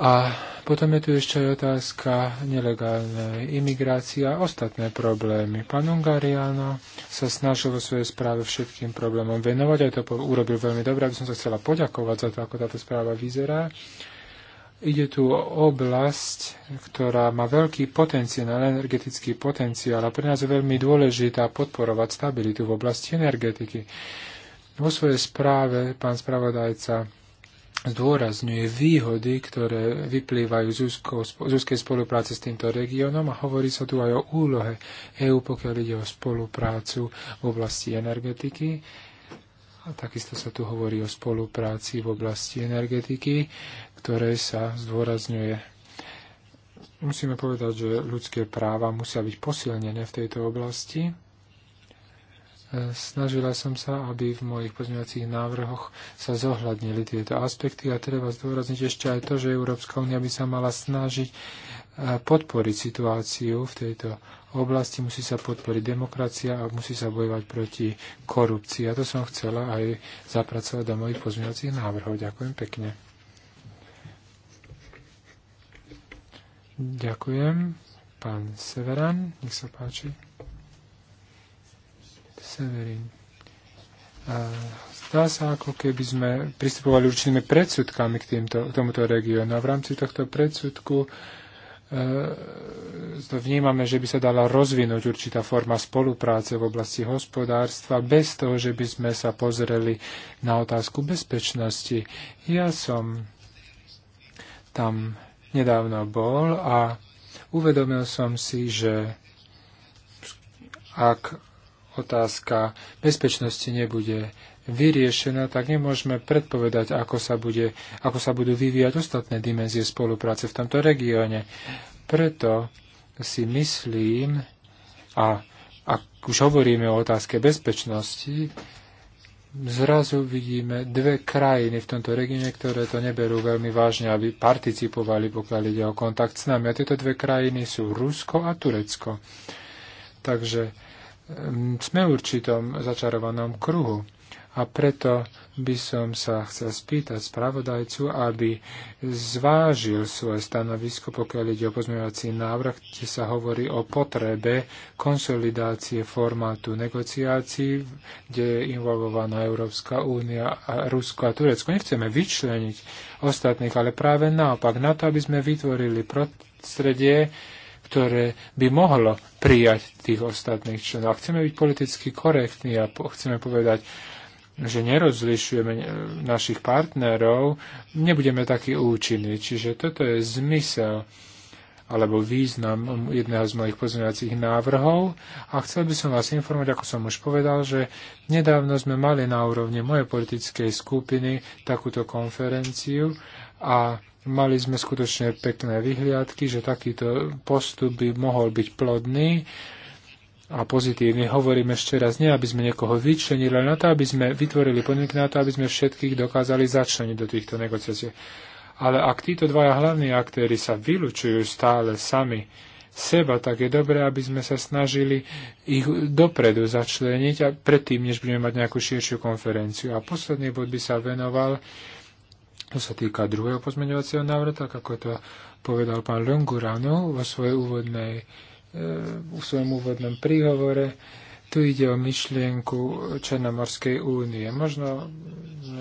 A potom je tu ešte aj otázka nelegálnej imigrácie a ostatné problémy. Pán Ungariano sa snažil vo svojej správe všetkým problémom venovať, aj to urobil veľmi dobre, aby som sa chcela poďakovať za to, ako táto správa vyzerá. Ide tu o oblasť, ktorá má veľký potenciál, energetický potenciál a pre nás je veľmi dôležitá podporovať stabilitu v oblasti energetiky. Vo svojej správe pán spravodajca zdôrazňuje výhody, ktoré vyplývajú z, úzko, z úzkej spolupráce s týmto regiónom a hovorí sa tu aj o úlohe EÚ, pokiaľ ide o spoluprácu v oblasti energetiky. A takisto sa tu hovorí o spolupráci v oblasti energetiky, ktoré sa zdôrazňuje. Musíme povedať, že ľudské práva musia byť posilnené v tejto oblasti Snažila som sa, aby v mojich pozmeňovacích návrhoch sa zohľadnili tieto aspekty a treba zdôrazniť ešte aj to, že Európska únia by sa mala snažiť e, podporiť situáciu v tejto oblasti, musí sa podporiť demokracia a musí sa bojovať proti korupcii. A to som chcela aj zapracovať do mojich pozmeňovacích návrhov. Ďakujem pekne. Ďakujem. Pán Severan, nech sa páči. Severin. Zdá sa, ako keby sme pristupovali určitými predsudkami k, týmto, k tomuto regiónu. A v rámci tohto predsudku e, to vnímame, že by sa dala rozvinúť určitá forma spolupráce v oblasti hospodárstva bez toho, že by sme sa pozreli na otázku bezpečnosti. Ja som tam nedávno bol a uvedomil som si, že ak otázka bezpečnosti nebude vyriešená, tak nemôžeme predpovedať, ako sa, bude, ako sa budú vyvíjať ostatné dimenzie spolupráce v tomto regióne. Preto si myslím, a ak už hovoríme o otázke bezpečnosti, zrazu vidíme dve krajiny v tomto regióne, ktoré to neberú veľmi vážne, aby participovali, pokiaľ ide o kontakt s nami. A tieto dve krajiny sú Rusko a Turecko. Takže sme v určitom začarovanom kruhu. A preto by som sa chcel spýtať spravodajcu, aby zvážil svoje stanovisko, pokiaľ ide o pozmeňovací návrh, kde sa hovorí o potrebe konsolidácie formátu negociácií, kde je involvovaná Európska únia, a Rusko a Turecko. Nechceme vyčleniť ostatných, ale práve naopak, na to, aby sme vytvorili prostredie, ktoré by mohlo prijať tých ostatných členov. A chceme byť politicky korektní a chceme povedať, že nerozlišujeme e, našich partnerov, nebudeme takí účinní. Čiže toto je zmysel alebo význam jedného z mojich pozmeňovacích návrhov. A chcel by som vás informovať, ako som už povedal, že nedávno sme mali na úrovni mojej politickej skupiny takúto konferenciu a Mali sme skutočne pekné vyhliadky, že takýto postup by mohol byť plodný a pozitívny. Hovorím ešte raz, nie aby sme niekoho vyčlenili, ale na to, aby sme vytvorili podmienky na to, aby sme všetkých dokázali začleniť do týchto negociácií. Ale ak títo dvaja hlavní aktéry sa vylúčujú stále sami seba, tak je dobré, aby sme sa snažili ich dopredu začleniť a predtým, než budeme mať nejakú širšiu konferenciu. A posledný bod by sa venoval to sa týka druhého pozmeňovacieho návrhu, tak ako to povedal pán Lunguranu vo svojej úvodnej, eh, v svojom úvodnom príhovore. Tu ide o myšlienku Černomorskej únie. Možno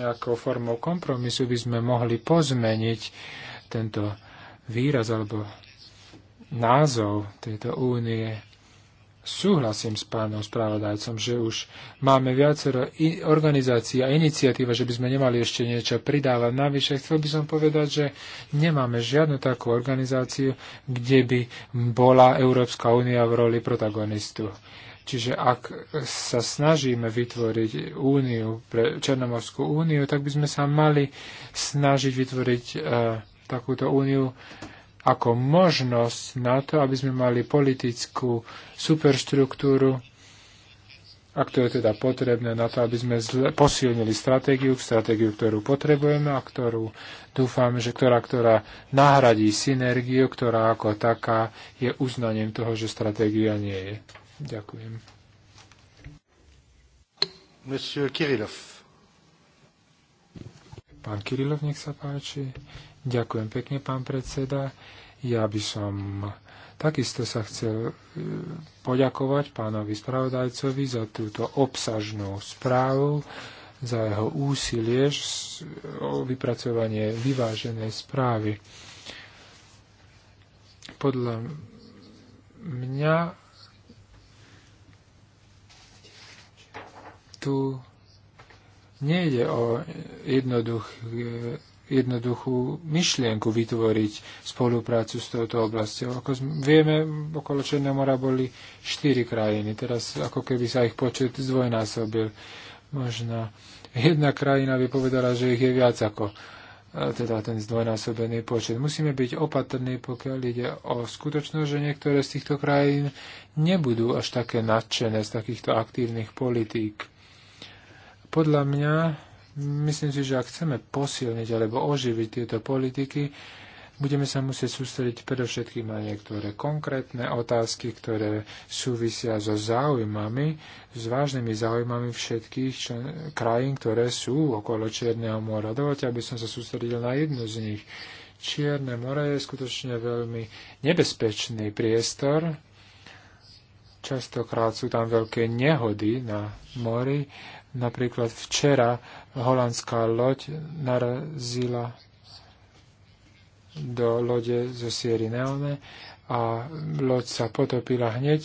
nejakou formou kompromisu by sme mohli pozmeniť tento výraz alebo názov tejto únie súhlasím s pánom správodajcom, že už máme viacero organizácií a iniciatíva, že by sme nemali ešte niečo pridávať. Navyše chcel by som povedať, že nemáme žiadnu takú organizáciu, kde by bola Európska únia v roli protagonistu. Čiže ak sa snažíme vytvoriť úniu pre Černomorskú úniu, tak by sme sa mali snažiť vytvoriť e, takúto úniu ako možnosť na to, aby sme mali politickú superštruktúru, ak to je teda potrebné na to, aby sme zle, posilnili stratégiu, stratégiu, ktorú potrebujeme a ktorú dúfame, že ktorá, ktorá nahradí synergiu, ktorá ako taká je uznaním toho, že stratégia nie je. Ďakujem. Monsieur Pán Kirilov, nech sa páči. Ďakujem pekne, pán predseda. Ja by som takisto sa chcel e, poďakovať pánovi spravodajcovi za túto obsažnú správu, za jeho úsilie o vypracovanie vyváženej správy. Podľa mňa tu nejde o jednoduché jednoduchú myšlienku vytvoriť spoluprácu s touto oblasťou. Ako vieme, okolo Černého mora boli štyri krajiny. Teraz ako keby sa ich počet zdvojnásobil. Možno jedna krajina by povedala, že ich je viac ako e, teda ten zdvojnásobený počet. Musíme byť opatrní, pokiaľ ide o skutočnosť, že niektoré z týchto krajín nebudú až také nadšené z takýchto aktívnych politík. Podľa mňa Myslím si, že ak chceme posilniť alebo oživiť tieto politiky, budeme sa musieť sústrediť predovšetkým na niektoré konkrétne otázky, ktoré súvisia so záujmami, s vážnymi záujmami všetkých člen, krajín, ktoré sú okolo Čierneho mora. Dovolte, aby som sa sústredil na jednu z nich. Čierne more je skutočne veľmi nebezpečný priestor. Častokrát sú tam veľké nehody na mori Napríklad včera holandská loď narazila do lode zo Sierra Leone a loď sa potopila hneď.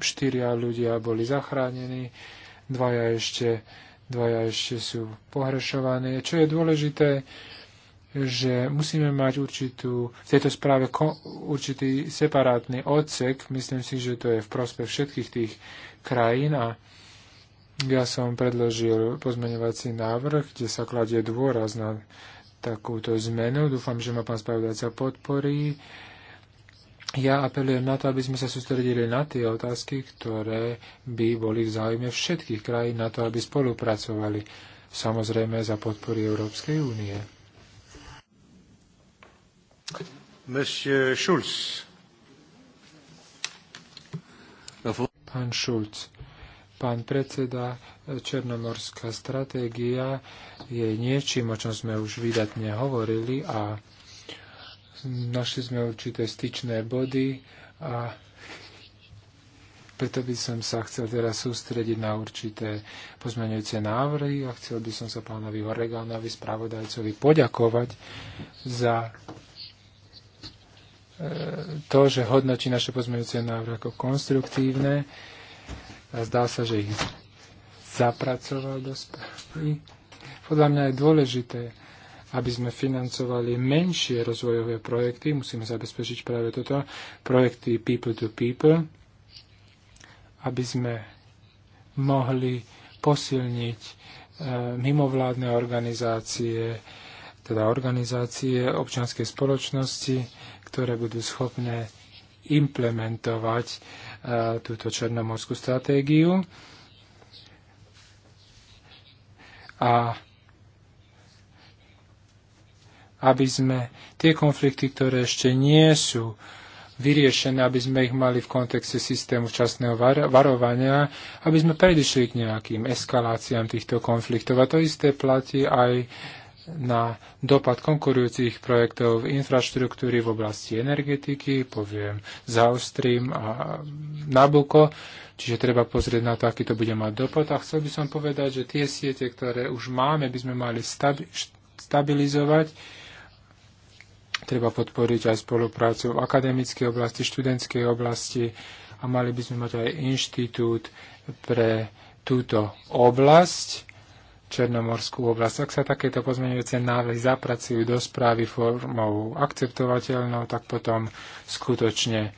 Štyria ľudia boli zachránení, dvaja ešte, dvaja ešte sú pohrešovaní. Čo je dôležité, že musíme mať určitú, v tejto správe ko, určitý separátny odsek. Myslím si, že to je v prospech všetkých tých krajín a ja som predložil pozmeňovací návrh, kde sa kladie dôraz na takúto zmenu. Dúfam, že ma pán spravodajca podporí. Ja apelujem na to, aby sme sa sústredili na tie otázky, ktoré by boli v záujme všetkých krajín na to, aby spolupracovali. Samozrejme za podpory Európskej únie. Pán Schulz pán predseda, e, Černomorská stratégia je niečím, o čom sme už vydatne hovorili a našli sme určité styčné body a preto by som sa chcel teraz sústrediť na určité pozmeňujúce návrhy a chcel by som sa pánovi Horegánovi, spravodajcovi, poďakovať za e, to, že hodnotí naše pozmeňujúce návrhy ako konstruktívne a zdá sa, že ich zapracoval do správy. Podľa mňa je dôležité, aby sme financovali menšie rozvojové projekty. Musíme zabezpečiť práve toto, projekty people to people, aby sme mohli posilniť e, mimovládne organizácie, teda organizácie občianskej spoločnosti, ktoré budú schopné implementovať túto černomorskú stratégiu. A aby sme tie konflikty, ktoré ešte nie sú vyriešené, aby sme ich mali v kontexte systému včasného var- varovania, aby sme predišli k nejakým eskaláciám týchto konfliktov. A to isté platí aj na dopad konkurujúcich projektov v infraštruktúry v oblasti energetiky, poviem Zaustream a Nabuko, čiže treba pozrieť na to, aký to bude mať dopad. A chcel by som povedať, že tie siete, ktoré už máme, by sme mali stabi- stabilizovať. Treba podporiť aj spoluprácu v akademickej oblasti, študentskej oblasti a mali by sme mať aj inštitút pre túto oblasť Černomorskú oblasť. Ak sa takéto pozmeňujúce návrhy zapracujú do správy formou akceptovateľnou, tak potom skutočne e,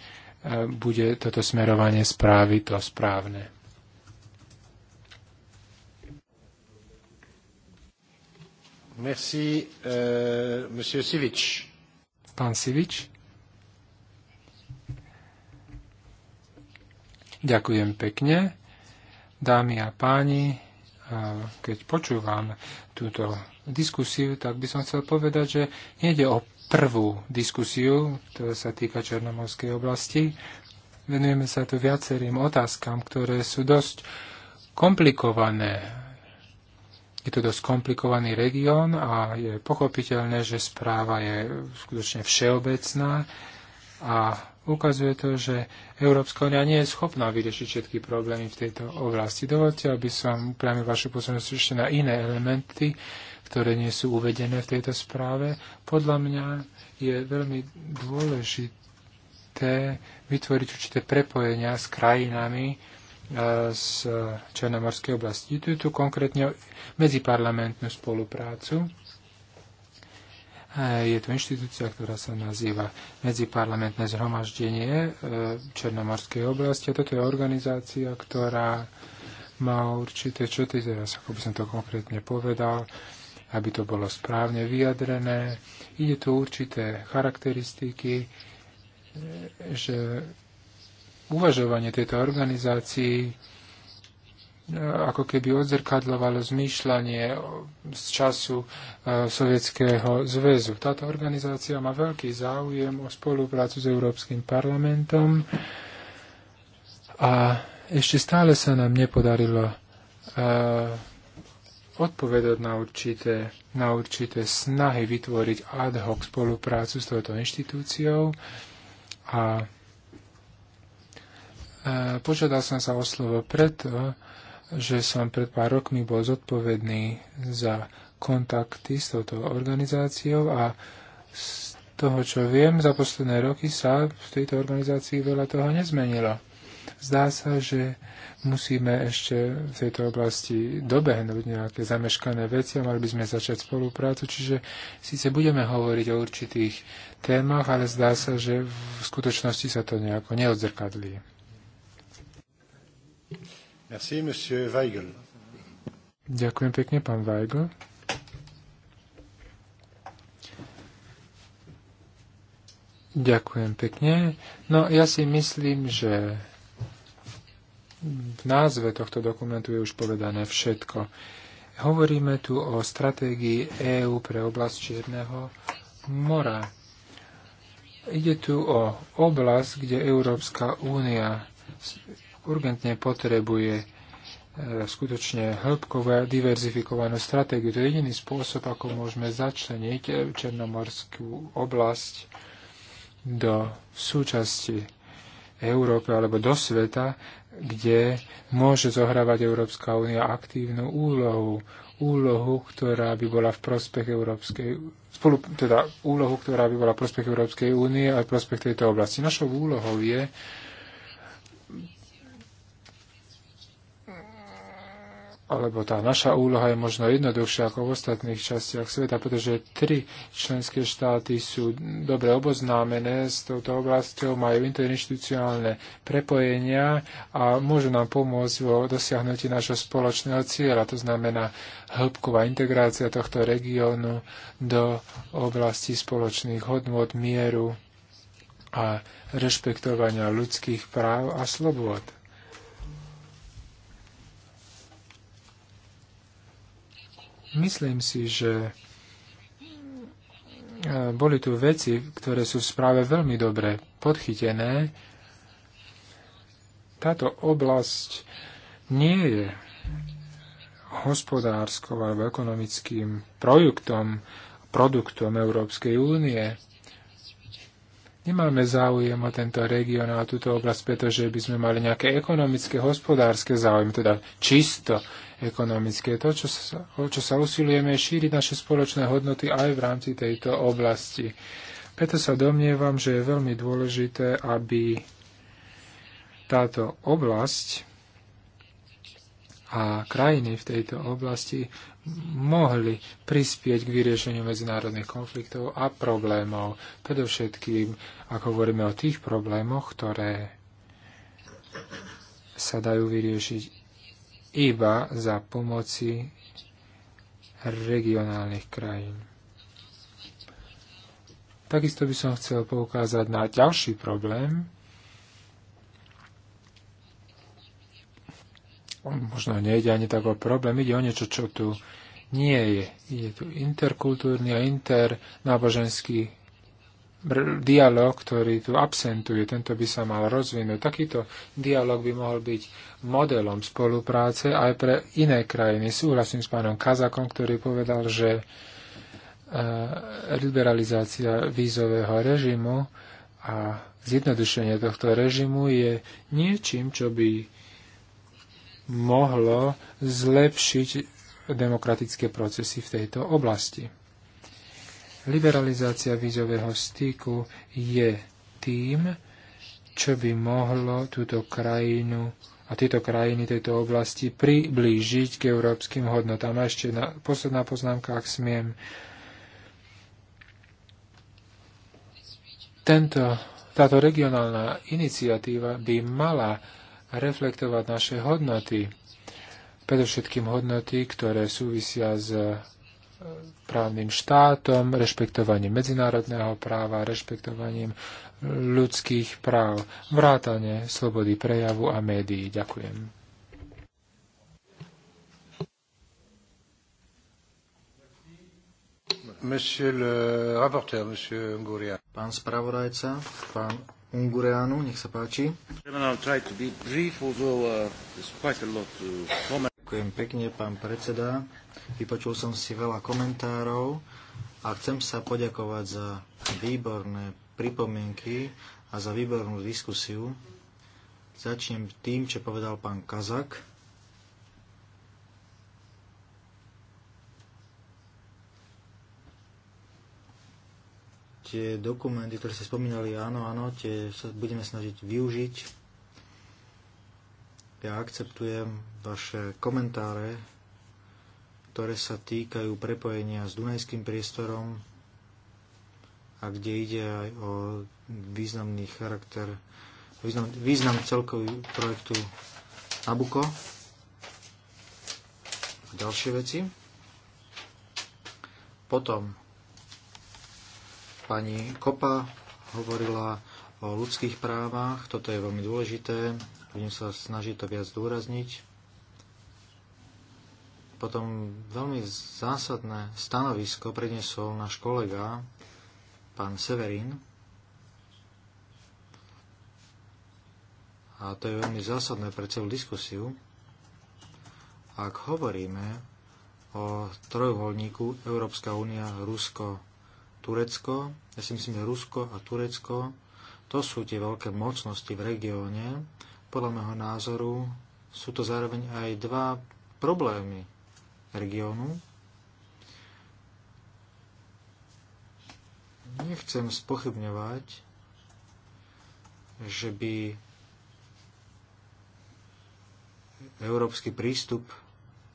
bude toto smerovanie správy to správne. Merci, uh, monsieur Sivič. Pán Sivič. Ďakujem pekne. Dámy a páni, keď počúvam túto diskusiu, tak by som chcel povedať, že nejde o prvú diskusiu, ktorá sa týka Černomorskej oblasti. Venujeme sa tu viacerým otázkam, ktoré sú dosť komplikované. Je to dosť komplikovaný región a je pochopiteľné, že správa je skutočne všeobecná a ukazuje to, že Európska únia nie je schopná vyriešiť všetky problémy v tejto oblasti. Dovolte, aby som upriamil vašu pozornosť ešte na iné elementy, ktoré nie sú uvedené v tejto správe. Podľa mňa je veľmi dôležité vytvoriť určité prepojenia s krajinami e, z Černomorskej oblasti. Tu je tu konkrétne medziparlamentnú spoluprácu je to inštitúcia, ktorá sa nazýva Medziparlamentné zhromaždenie e, Černomorskej oblasti. A toto je organizácia, ktorá má určité, čo ty teraz, ako by som to konkrétne povedal, aby to bolo správne vyjadrené. Ide tu určité charakteristiky, e, že uvažovanie tejto organizácii ako keby odzrkadľovalo zmýšľanie z času e, Sovietskeho zväzu. Táto organizácia má veľký záujem o spoluprácu s Európskym parlamentom a ešte stále sa nám nepodarilo e, odpovedať na určité, na určité snahy vytvoriť ad hoc spoluprácu s touto inštitúciou a e, požiadal som sa o slovo preto, že som pred pár rokmi bol zodpovedný za kontakty s touto organizáciou a z toho, čo viem, za posledné roky sa v tejto organizácii veľa toho nezmenilo. Zdá sa, že musíme ešte v tejto oblasti dobehnúť nejaké zameškané veci a mali by sme začať spoluprácu. Čiže síce budeme hovoriť o určitých témach, ale zdá sa, že v skutočnosti sa to nejako neodzrkadlí. Merci, monsieur Weigel. Ďakujem pekne, pán Weigl. Ďakujem pekne. No ja si myslím, že v názve tohto dokumentu je už povedané všetko. Hovoríme tu o stratégii EÚ pre oblasť Čierneho mora. Ide tu o oblasť, kde Európska únia urgentne potrebuje e, skutočne hĺbkovú a diverzifikovanú stratégiu. To je jediný spôsob, ako môžeme začleniť e, Černomorskú oblasť do súčasti Európy alebo do sveta, kde môže zohrávať Európska únia aktívnu úlohu, úlohu, ktorá by bola v prospech Európskej spolu, teda úlohu, ktorá by bola v prospech Európskej únie a v prospech tejto oblasti. Našou úlohou je, alebo tá naša úloha je možno jednoduchšia ako v ostatných častiach sveta, pretože tri členské štáty sú dobre oboznámené s touto oblasťou, majú interinstitucionálne prepojenia a môžu nám pomôcť vo dosiahnutí nášho spoločného cieľa, to znamená hĺbková integrácia tohto regiónu do oblasti spoločných hodnot, mieru a rešpektovania ľudských práv a slobôd. Myslím si, že e, boli tu veci, ktoré sú v správe veľmi dobre podchytené. Táto oblasť nie je hospodárskou alebo ekonomickým projektom, produktom Európskej únie. Nemáme záujem o tento región a túto oblasť, pretože by sme mali nejaké ekonomické, hospodárske záujmy, teda čisto ekonomické. To, čo sa, o čo sa usilujeme, je šíriť naše spoločné hodnoty aj v rámci tejto oblasti. Preto sa domnievam, že je veľmi dôležité, aby táto oblasť a krajiny v tejto oblasti mohli prispieť k vyriešeniu medzinárodných konfliktov a problémov. Predovšetkým, ak hovoríme o tých problémoch, ktoré sa dajú vyriešiť iba za pomoci regionálnych krajín. Takisto by som chcel poukázať na ďalší problém, možno nejde ani tak o problém, ide o niečo, čo tu nie je. Je tu interkultúrny a internáboženský dialog, ktorý tu absentuje, tento by sa mal rozvinúť. Takýto dialog by mohol byť modelom spolupráce aj pre iné krajiny. Súhlasím s pánom Kazakom, ktorý povedal, že e, liberalizácia vízového režimu a zjednodušenie tohto režimu je niečím, čo by mohlo zlepšiť demokratické procesy v tejto oblasti. Liberalizácia vízového styku je tým, čo by mohlo túto krajinu a tieto krajiny tejto oblasti priblížiť k európskym hodnotám. A ešte na, posledná poznámka, ak smiem. Tento, táto regionálna iniciatíva by mala reflektovať naše hodnoty, predovšetkým hodnoty, ktoré súvisia s právnym štátom, rešpektovaním medzinárodného práva, rešpektovaním ľudských práv, vrátane slobody prejavu a médií. Ďakujem. Monsieur le rapporteur, monsieur Unguria. Pán spravodajca, pán Ungureanu, nech sa páči. Uh, Ďakujem pekne, pán predseda. Vypočul som si veľa komentárov a chcem sa poďakovať za výborné pripomienky a za výbornú diskusiu. Začnem tým, čo povedal pán Kazak. Tie dokumenty, ktoré ste spomínali, áno, áno, tie sa budeme snažiť využiť. Ja akceptujem vaše komentáre ktoré sa týkajú prepojenia s Dunajským priestorom a kde ide aj o významný charakter, význam, význam celkový projektu Nabuko a ďalšie veci. Potom pani Kopa hovorila o ľudských právach, toto je veľmi dôležité, budem sa snažiť to viac zdôrazniť. Potom veľmi zásadné stanovisko predniesol náš kolega, pán Severin. A to je veľmi zásadné pre celú diskusiu. Ak hovoríme o trojuholníku Európska únia, Rusko, Turecko, ja si myslím, že Rusko a Turecko, to sú tie veľké mocnosti v regióne. Podľa môjho názoru sú to zároveň aj dva problémy regiónu. Nechcem spochybňovať, že by európsky prístup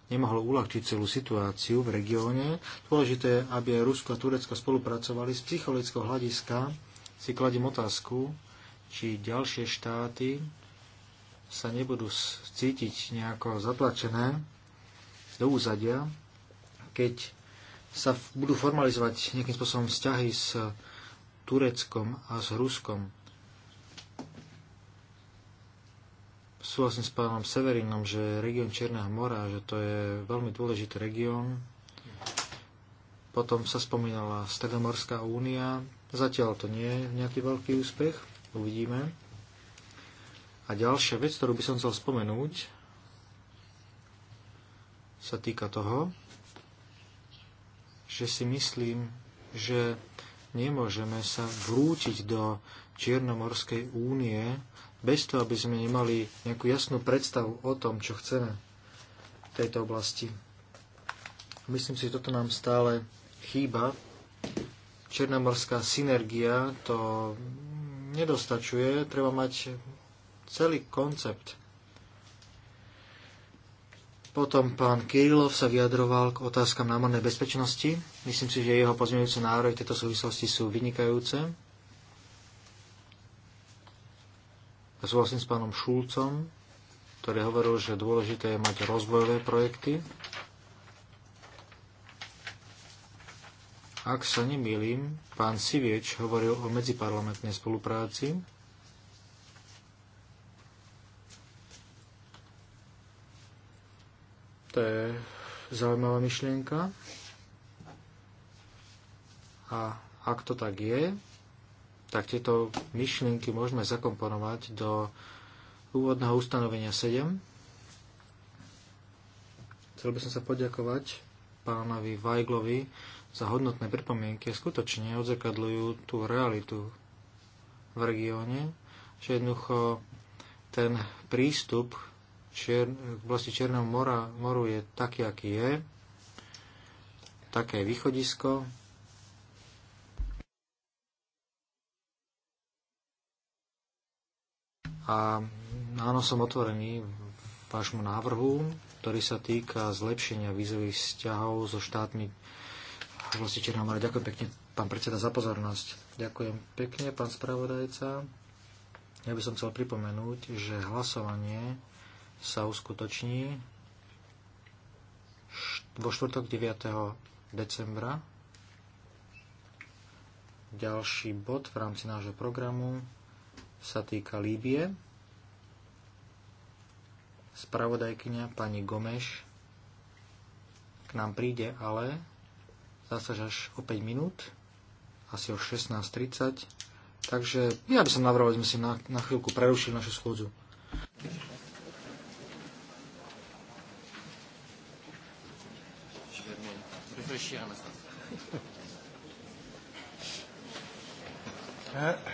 nemohol uľahčiť celú situáciu v regióne. Dôležité je, aby aj Rusko a Turecko spolupracovali. Z psychologického hľadiska si kladím otázku, či ďalšie štáty sa nebudú cítiť nejako zatlačené do úzadia, keď sa budú formalizovať nejakým spôsobom vzťahy s Tureckom a s Ruskom. Súhlasím s pánom Severinom, že región Černého mora, že to je veľmi dôležitý región. Potom sa spomínala Stredomorská únia. Zatiaľ to nie je nejaký veľký úspech. Uvidíme. A ďalšia vec, ktorú by som chcel spomenúť, sa týka toho, že si myslím, že nemôžeme sa vrútiť do Čiernomorskej únie bez toho, aby sme nemali nejakú jasnú predstavu o tom, čo chceme v tejto oblasti. Myslím si, že toto nám stále chýba. Černomorská synergia to nedostačuje, treba mať celý koncept potom pán Kirilov sa vyjadroval k otázkam námornej bezpečnosti. Myslím si, že jeho pozmeňujúce návrhy v tejto súvislosti sú vynikajúce. A súhlasím s pánom Šulcom, ktorý hovoril, že dôležité je mať rozvojové projekty. Ak sa nemýlim, pán Sivieč hovoril o medziparlamentnej spolupráci To je zaujímavá myšlienka. A ak to tak je, tak tieto myšlienky môžeme zakomponovať do úvodného ustanovenia 7. Chcel by som sa poďakovať pánovi Vajglovi za hodnotné pripomienky. Skutočne odzrkadľujú tú realitu v regióne, že jednoducho ten prístup Čier, v oblasti Černého mora, moru je taký, aký je, také východisko. A áno, som otvorený vášmu návrhu, ktorý sa týka zlepšenia vízových vzťahov so štátmi v oblasti Černého mora. Ďakujem pekne, pán predseda, za pozornosť. Ďakujem pekne, pán spravodajca. Ja by som chcel pripomenúť, že hlasovanie sa uskutoční vo štvrtok 9. decembra. Ďalší bod v rámci nášho programu sa týka Líbie. Spravodajkynia pani Gomeš k nám príde, ale zase až o 5 minút, asi o 16.30. Takže ja by som navrhoval, že sme si na, na chvíľku prerušili našu schôdzu. réfléchir un instant.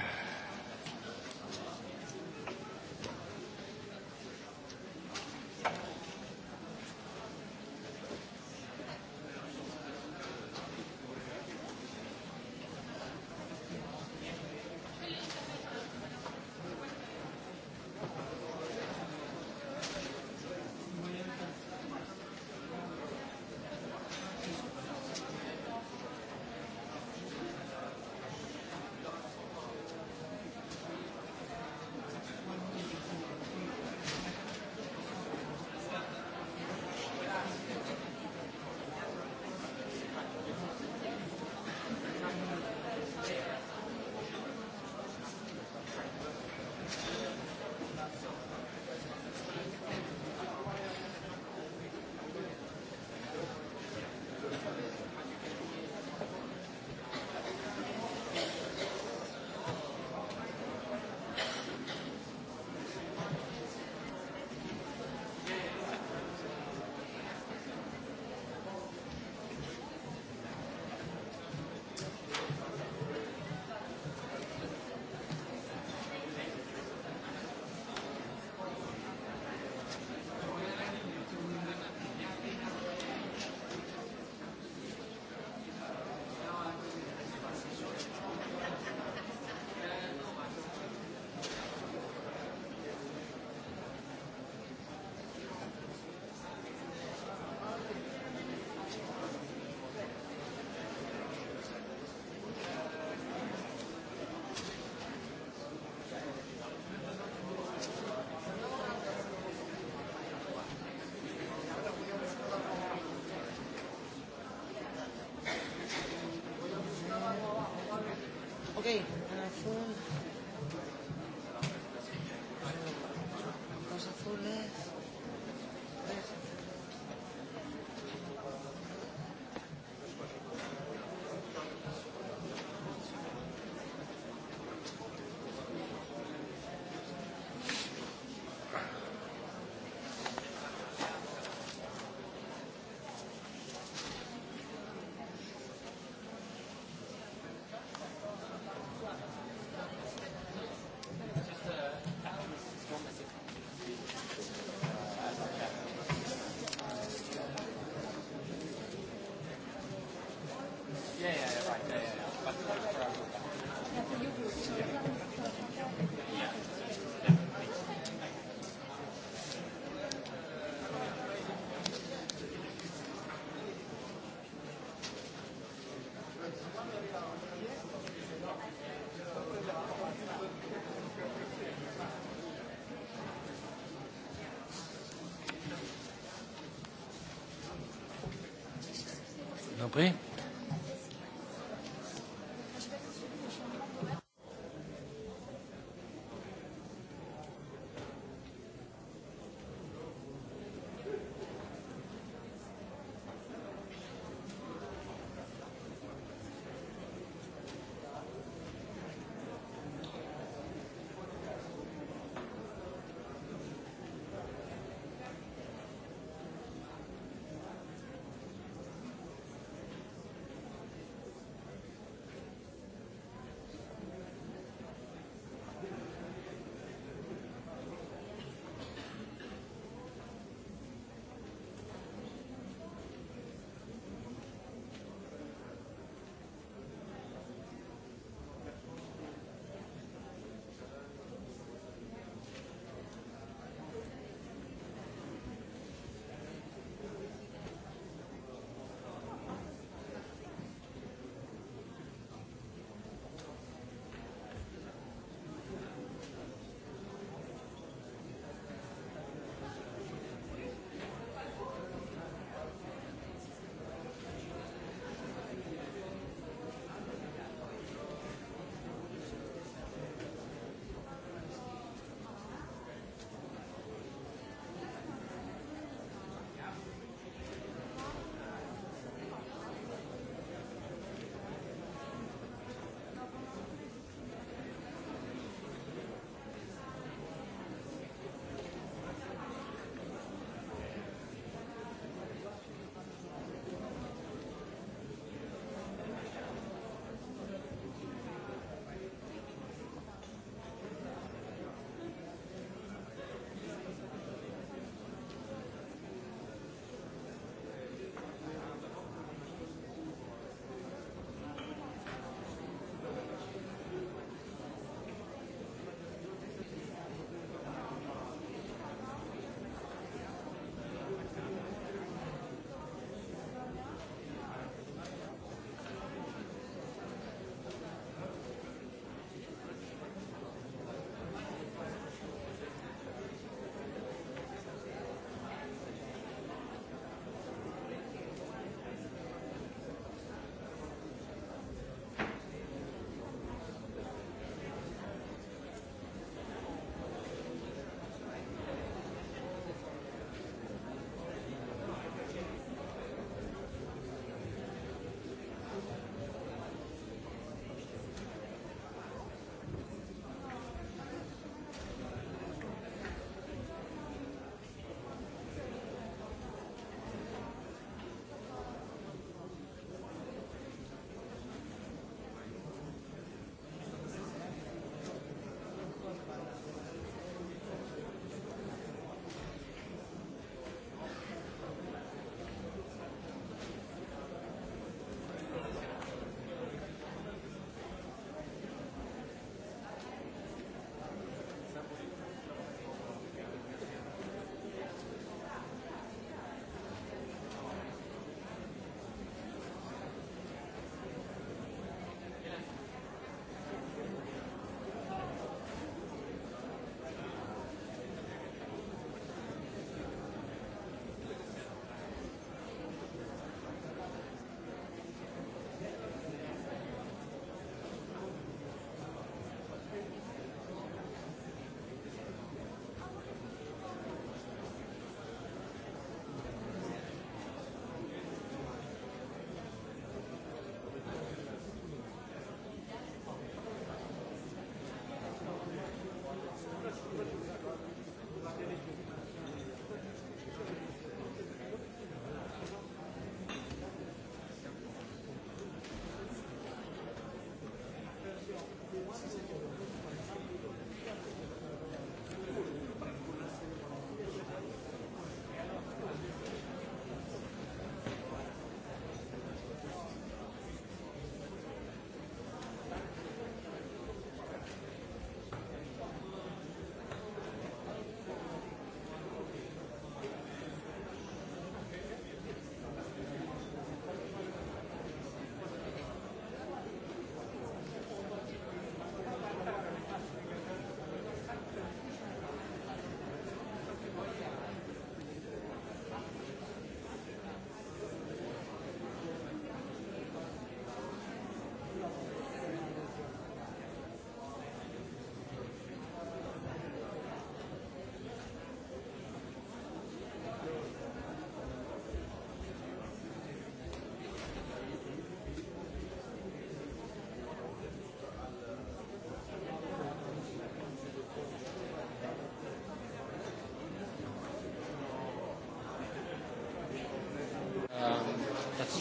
Dobrý.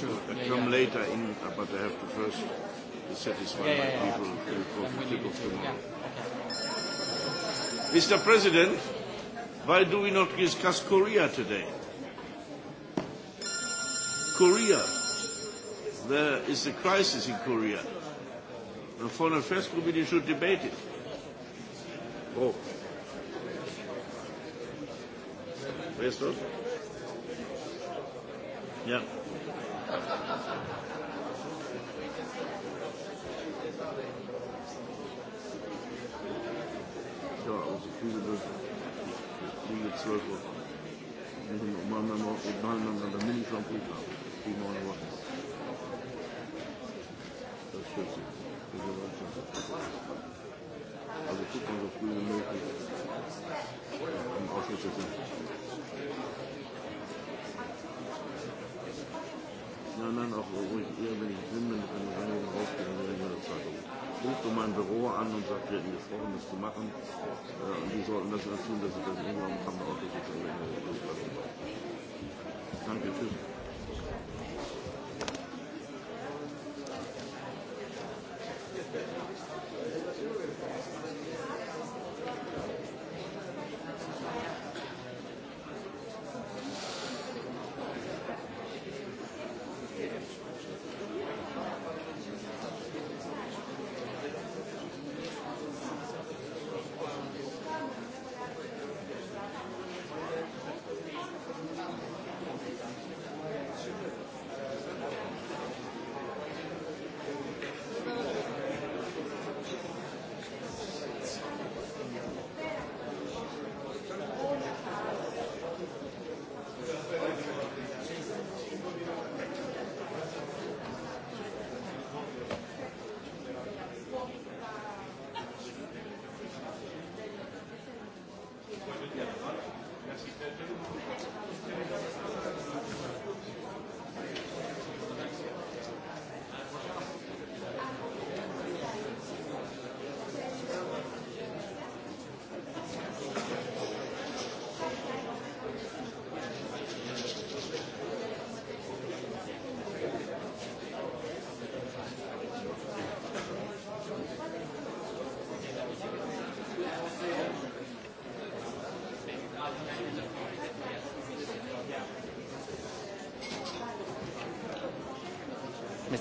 to yeah, come yeah. later in, uh, but I have to first satisfy yeah, my yeah, people yeah. before we kick off tomorrow. Yeah. Okay. Mr. President, why do we not discuss Korea today? Korea. There is a crisis in Korea. The Foreign Affairs Committee should debate it. Oh. Where's those? Yeah. Ja, aber so viele liege zwölf Uhr. Mit dem Obama Mini-Schlamputa, die neun Uhr. Das ist schön. anderen auch ruhig eher, wenn ich bin, wenn ich dann reinigen rausgehe, dann immer eine Zeitung. Rufst du mein Büro an und sagt, wir hätten gesprochen, das zu machen. Äh, und die sollten das tun, dass sie das irgendwann haben, auch das ist in der Danke, tschüss.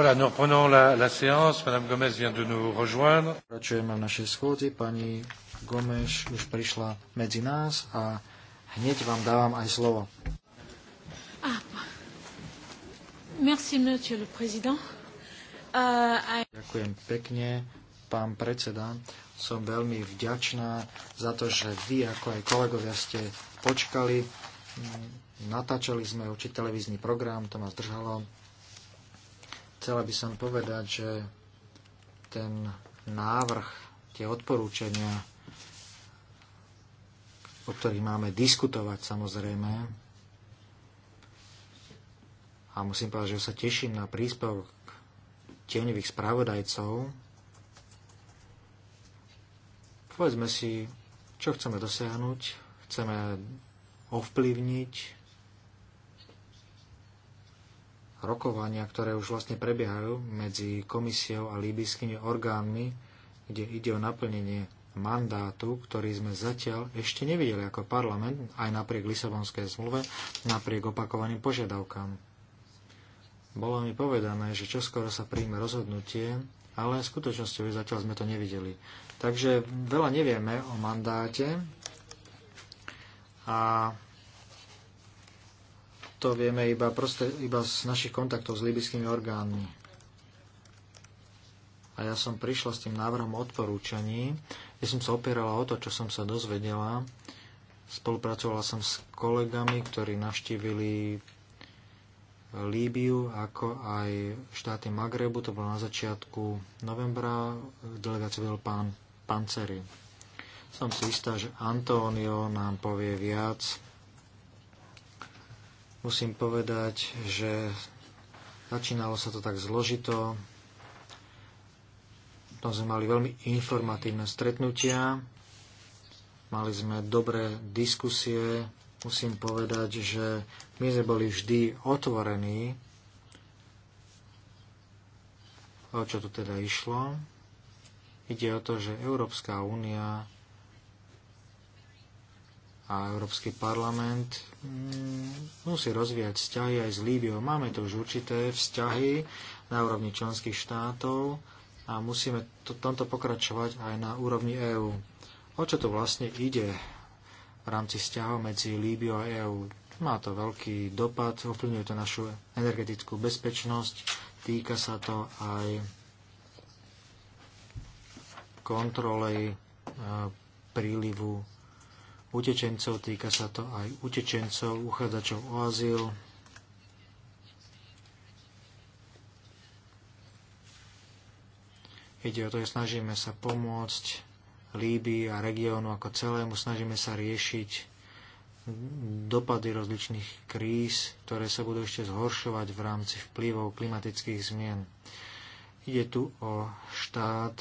Voilà, nous reprenons la, la séance. Madame Gomez vient de nous rejoindre. Pokračujeme v našej schôdzi. Pani Gomeš už prišla medzi nás a hneď vám dávam aj slovo. Ah. Merci, monsieur le président. Uh, I... Ďakujem pekne, pán predseda. Som veľmi vďačná za to, že vy ako aj kolegovia ste počkali. Mm, natáčali sme určitý televízny program, to ma zdržalo Chcela by som povedať, že ten návrh, tie odporúčania, o ktorých máme diskutovať samozrejme, a musím povedať, že sa teším na príspevok tieňových spravodajcov. Povedzme si, čo chceme dosiahnuť. Chceme ovplyvniť rokovania, ktoré už vlastne prebiehajú medzi komisiou a líbyskými orgánmi, kde ide o naplnenie mandátu, ktorý sme zatiaľ ešte nevideli ako parlament, aj napriek Lisabonskej zmluve, napriek opakovaným požiadavkám. Bolo mi povedané, že čoskoro sa príjme rozhodnutie, ale v skutočnosti už zatiaľ sme to nevideli. Takže veľa nevieme o mandáte a to vieme iba, proste, iba z našich kontaktov s libyskými orgánmi. A ja som prišla s tým návrhom odporúčaní, kde som sa opierala o to, čo som sa dozvedela. Spolupracovala som s kolegami, ktorí navštívili Líbiu, ako aj štáty Magrebu. To bolo na začiatku novembra. Delegáciu bol pán Panceri. Som si istá, že Antonio nám povie viac Musím povedať, že začínalo sa to tak zložito. Tam sme mali veľmi informatívne stretnutia, mali sme dobré diskusie. Musím povedať, že my sme boli vždy otvorení, o čo tu teda išlo. Ide o to, že Európska únia a Európsky parlament mm, musí rozvíjať vzťahy aj s Líbiou. Máme to už určité vzťahy na úrovni členských štátov a musíme to, tomto pokračovať aj na úrovni EÚ. O čo to vlastne ide v rámci vzťahov medzi Líbiou a EÚ? Má to veľký dopad, ovplyvňuje to našu energetickú bezpečnosť, týka sa to aj kontroly e, prílivu utečencov, týka sa to aj utečencov, uchádzačov o azyl. Ide o to, že snažíme sa pomôcť Líbii a regiónu ako celému, snažíme sa riešiť dopady rozličných kríz, ktoré sa budú ešte zhoršovať v rámci vplyvov klimatických zmien. Ide tu o štát,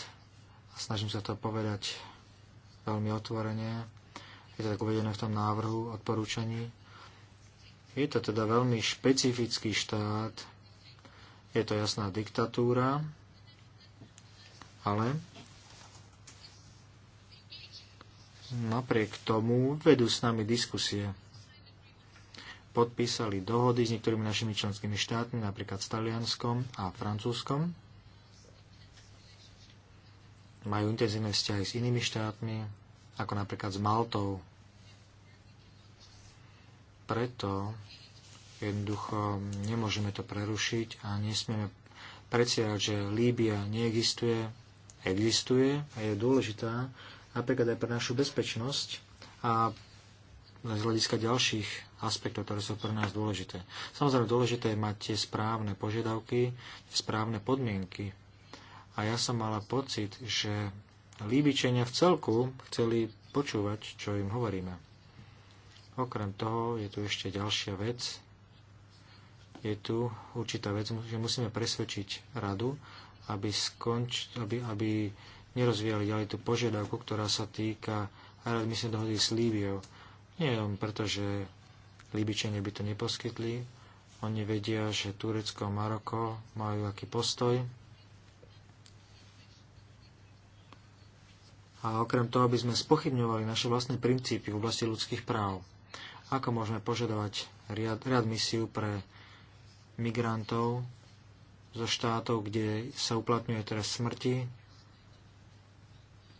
a snažím sa to povedať veľmi otvorene, je to tak uvedené v tom návrhu odporúčaní. Je to teda veľmi špecifický štát, je to jasná diktatúra, ale napriek tomu vedú s nami diskusie. Podpísali dohody s niektorými našimi členskými štátmi, napríklad s Talianskom a Francúzskom. Majú intenzívne vzťahy s inými štátmi, ako napríklad s Maltou. Preto jednoducho nemôžeme to prerušiť a nesmieme predsierať, že Líbia neexistuje, existuje a je dôležitá napríklad aj pre našu bezpečnosť a z hľadiska ďalších aspektov, ktoré sú pre nás dôležité. Samozrejme, dôležité je mať tie správne požiadavky, tie správne podmienky. A ja som mala pocit, že Líbičania v celku chceli počúvať, čo im hovoríme. Okrem toho je tu ešte ďalšia vec. Je tu určitá vec, že musíme presvedčiť radu, aby, skonč, aby, aby nerozvíjali ďalej tú požiadavku, ktorá sa týka readmisnej dohody s Líbiou. Nie len preto, že Líbičania by to neposkytli. Oni vedia, že Turecko a Maroko majú aký postoj a okrem toho, aby sme spochybňovali naše vlastné princípy v oblasti ľudských práv. Ako môžeme požadovať riad, riad misiu pre migrantov zo štátov, kde sa uplatňuje teraz smrti,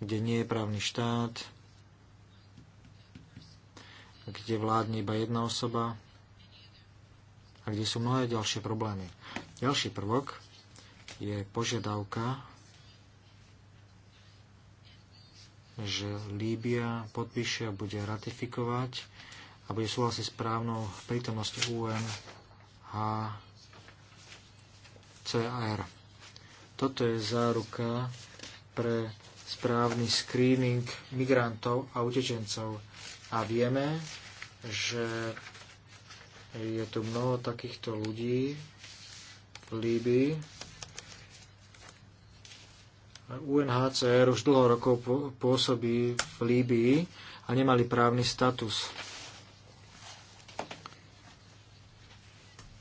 kde nie je právny štát, kde vládne iba jedna osoba a kde sú mnohé ďalšie problémy. Ďalší prvok je požiadavka že Líbia podpíše a bude ratifikovať a bude súhlasiť s právnou prítomnosťou UNHCR. Toto je záruka pre správny screening migrantov a utečencov. A vieme, že je tu mnoho takýchto ľudí v Líbii, UNHCR už dlho rokov pôsobí v Líbii a nemali právny status.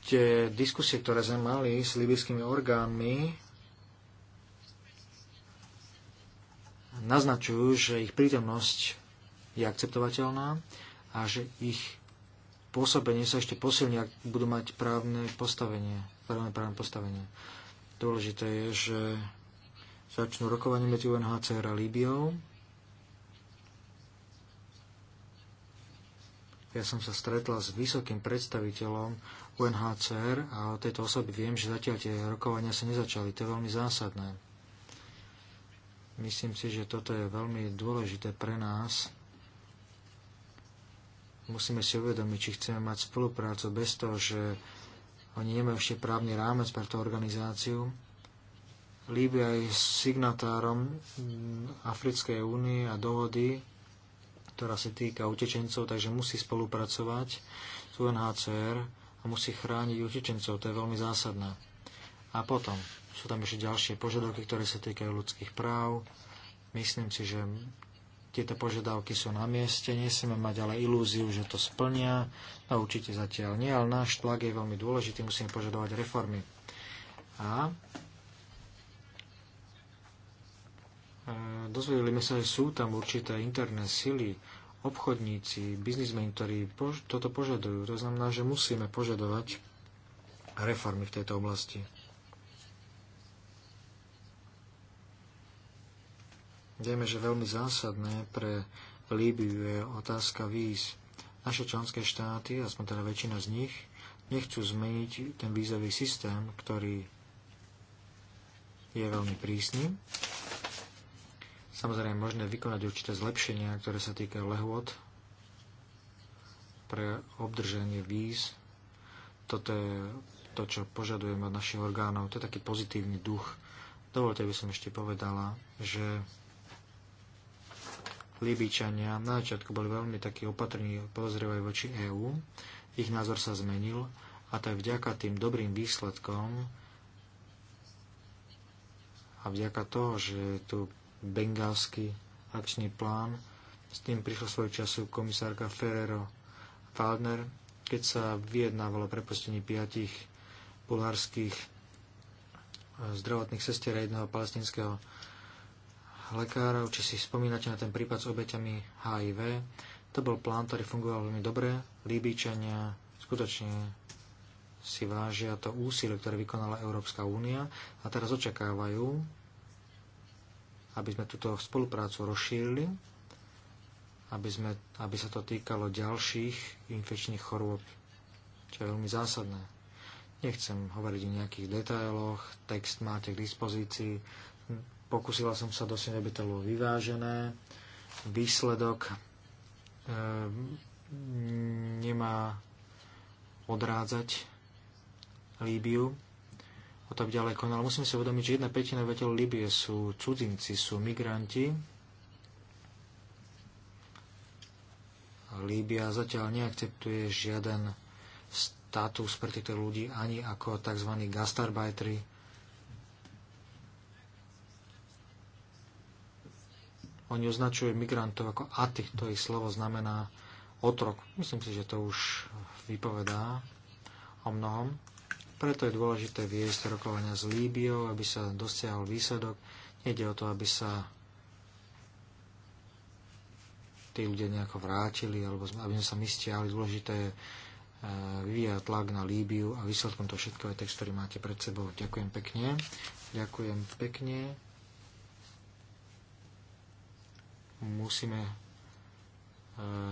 Tie diskusie, ktoré sme mali s libyskými orgánmi, naznačujú, že ich prítomnosť je akceptovateľná a že ich pôsobenie sa ešte posilní, ak budú mať právne postavenie, právne, právne postavenie. Dôležité je, že začnú rokovanie medzi UNHCR a Líbiou. Ja som sa stretla s vysokým predstaviteľom UNHCR a o tejto osoby viem, že zatiaľ tie rokovania sa nezačali. To je veľmi zásadné. Myslím si, že toto je veľmi dôležité pre nás. Musíme si uvedomiť, či chceme mať spoluprácu bez toho, že oni nemajú ešte právny rámec pre tú organizáciu Líbia je signatárom Africkej únie a dohody, ktorá sa týka utečencov, takže musí spolupracovať s UNHCR a musí chrániť utečencov. To je veľmi zásadné. A potom sú tam ešte ďalšie požiadavky, ktoré sa týkajú ľudských práv. Myslím si, že tieto požiadavky sú na mieste, nesieme mať ale ilúziu, že to splnia, a určite zatiaľ nie, ale náš tlak je veľmi dôležitý, musíme požadovať reformy. A dozvedeli sa, že sú tam určité interné sily, obchodníci, biznismeni, ktorí pož- toto požadujú. To znamená, že musíme požadovať reformy v tejto oblasti. Vieme, že veľmi zásadné pre Líbiu je otázka víz. Naše členské štáty, aspoň teda väčšina z nich, nechcú zmeniť ten vízový systém, ktorý je veľmi prísny. Samozrejme, možné vykonať určité zlepšenia, ktoré sa týkajú lehôd pre obdržanie víz. Toto je to, čo požadujeme od našich orgánov. To je taký pozitívny duch. Dovolte by som ešte povedala, že Libíčania na začiatku boli veľmi takí opatrní, podozrievajú voči EÚ. Ich názor sa zmenil a tak vďaka tým dobrým výsledkom a vďaka toho, že tu bengalský akčný plán. S tým prišla svoj času komisárka Ferrero Waldner, keď sa vyjednávalo prepustenie piatich bulharských eh, zdravotných sestier a jedného palestinského lekára. Či si spomínate na ten prípad s obeťami HIV. To bol plán, ktorý fungoval veľmi dobre. Líbíčania skutočne si vážia to úsilie, ktoré vykonala Európska únia a teraz očakávajú, aby sme túto spoluprácu rozšírili, aby, sme, aby sa to týkalo ďalších infekčných chorôb, čo je veľmi zásadné. Nechcem hovoriť o nejakých detailoch, text máte k dispozícii. Pokúsila som sa dosť, aby to bolo vyvážené. Výsledok e, nemá odrádzať Líbiu, a tak ďalej konal. Musíme si uvedomiť, že jedna petina obyvateľov Libie sú cudzinci, sú migranti. Líbia zatiaľ neakceptuje žiaden status pre týchto ľudí ani ako tzv. gastarbajtri. Oni označujú migrantov ako aty, to ich slovo znamená otrok. Myslím si, že to už vypovedá o mnohom. Preto je dôležité viesť rokovania s Líbiou, aby sa dosiahol výsledok. Nede o to, aby sa tí ľudia nejako vrátili, alebo aby sme sa my stiali. Dôležité je e, vyvíjať tlak na Líbiu a výsledkom to všetko je text, ktorý máte pred sebou. Ďakujem pekne. Ďakujem pekne. Musíme e,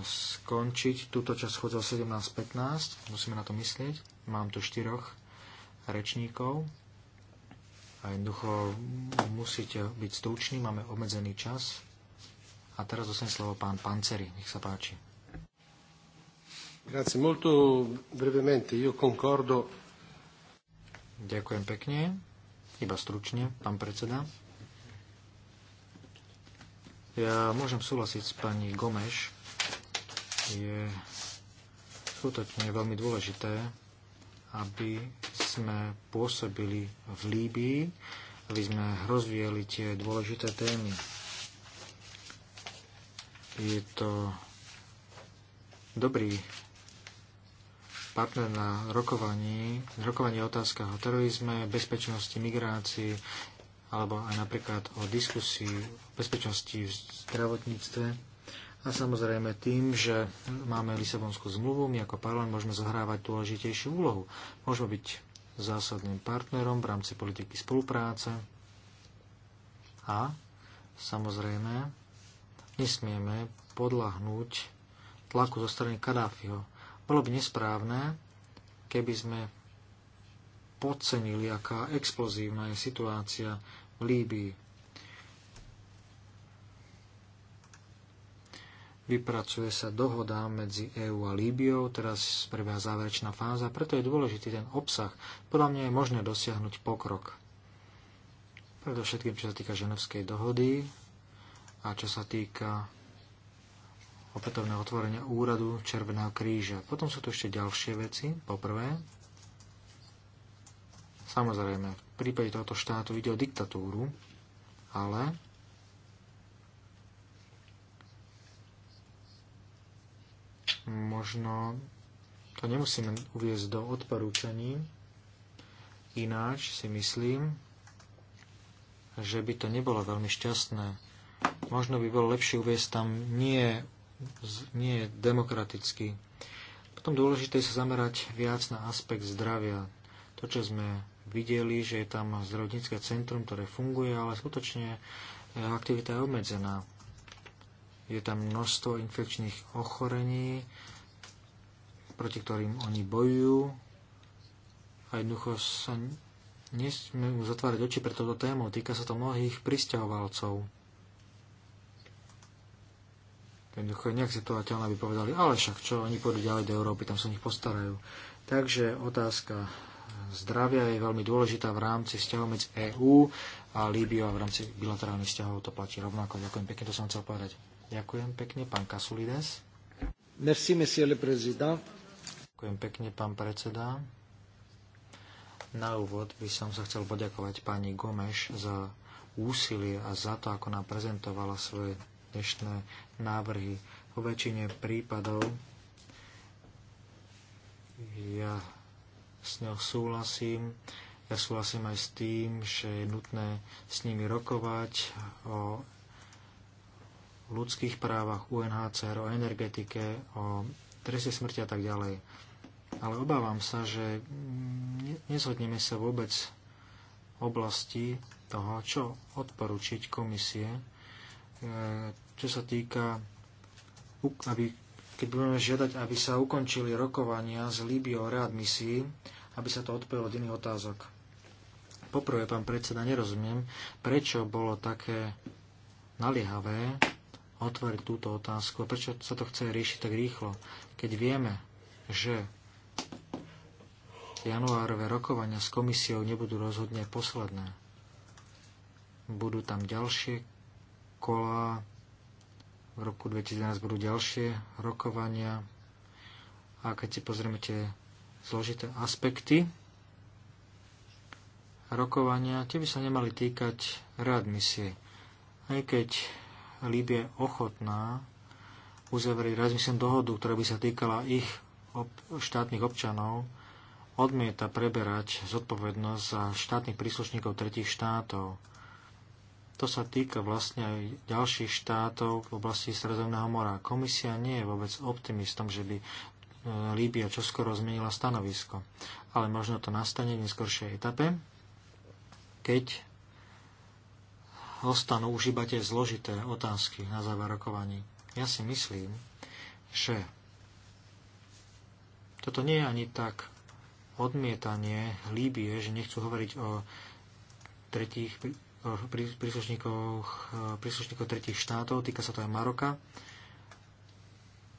skončiť túto časť chodzov 17.15. Musíme na to myslieť. Mám tu štyroch rečníkov. A jednoducho musíte byť stručný, máme obmedzený čas. A teraz dostane slovo pán Panceri, nech sa páči. Grazie, molto brevemente, io concordo. Ďakujem pekne, iba stručne, pán predseda. Ja môžem súhlasiť s pani Gomeš. Je skutočne veľmi dôležité, aby sme pôsobili v Líbii, aby sme rozvíjali tie dôležité témy. Je to dobrý partner na rokovaní, rokovanie otázka o terorizme, bezpečnosti, migrácii, alebo aj napríklad o diskusii o bezpečnosti v zdravotníctve. A samozrejme tým, že máme Lisabonskú zmluvu, my ako parlament môžeme zohrávať dôležitejšiu úlohu. Môžeme byť zásadným partnerom v rámci politiky spolupráce a samozrejme nesmieme podlahnúť tlaku zo strany Kadáfiho. Bolo by nesprávne, keby sme podcenili, aká explozívna je situácia v Líbii. vypracuje sa dohoda medzi EÚ a Líbiou, teraz prebieha záverečná fáza, preto je dôležitý ten obsah. Podľa mňa je možné dosiahnuť pokrok. Predovšetkým, čo sa týka ženevskej dohody a čo sa týka opätovného otvorenia úradu Červeného kríža. Potom sú tu ešte ďalšie veci. Poprvé, samozrejme, v prípade tohoto štátu ide o diktatúru, ale možno to nemusíme uviezť do odporúčaní, ináč si myslím, že by to nebolo veľmi šťastné. Možno by bolo lepšie uviezť tam nie, nie demokraticky. Potom dôležité je sa zamerať viac na aspekt zdravia. To, čo sme videli, že je tam zdravotnícke centrum, ktoré funguje, ale skutočne e, aktivita je obmedzená je tam množstvo infekčných ochorení, proti ktorým oni bojujú a jednoducho sa nesmieme zatvárať oči pre touto tému. Týka sa to mnohých pristahovalcov. Jednoducho je neakceptovateľné, aby povedali, ale však čo, oni pôjdu ďalej do Európy, tam sa o nich postarajú. Takže otázka zdravia je veľmi dôležitá v rámci vzťahov medzi EÚ a Líbiou a v rámci bilaterálnych vzťahov to platí rovnako. Ďakujem pekne, to som chcel povedať. Ďakujem pekne, pán Kasulides. Merci, monsieur le président. Ďakujem pekne, pán predseda. Na úvod by som sa chcel poďakovať pani Gomeš za úsilie a za to, ako nám prezentovala svoje dnešné návrhy. Po väčšine prípadov ja s ňou súhlasím. Ja súhlasím aj s tým, že je nutné s nimi rokovať o ľudských právach UNHCR, o energetike, o treste smrti a tak ďalej. Ale obávam sa, že nezhodneme sa vôbec oblasti toho, čo odporučiť komisie, e, čo sa týka, aby, keď budeme žiadať, aby sa ukončili rokovania z Líbiou o readmisii, aby sa to odpojilo od iných otázok. Poprvé, pán predseda, nerozumiem, prečo bolo také naliehavé otvoriť túto otázku a prečo sa to chce riešiť tak rýchlo, keď vieme, že januárové rokovania s komisiou nebudú rozhodne posledné. Budú tam ďalšie kola, v roku 2011 budú ďalšie rokovania a keď si pozrieme tie zložité aspekty rokovania, tie by sa nemali týkať readmisie. Aj keď Líbia ochotná uzavrieť readmisnú dohodu, ktorá by sa týkala ich ob- štátnych občanov, odmieta preberať zodpovednosť za štátnych príslušníkov tretich štátov. To sa týka vlastne aj ďalších štátov v oblasti Stredozemného mora. Komisia nie je vôbec optimistom, že by e, Líbia čoskoro zmenila stanovisko. Ale možno to nastane v neskoršej etape, keď ostanú už iba tie zložité otázky na záver rokovaní. Ja si myslím, že toto nie je ani tak odmietanie Líbie, že nechcú hovoriť o tretích e, príslušníkov príslušníkoch, príslušníkoch štátov, týka sa to aj Maroka.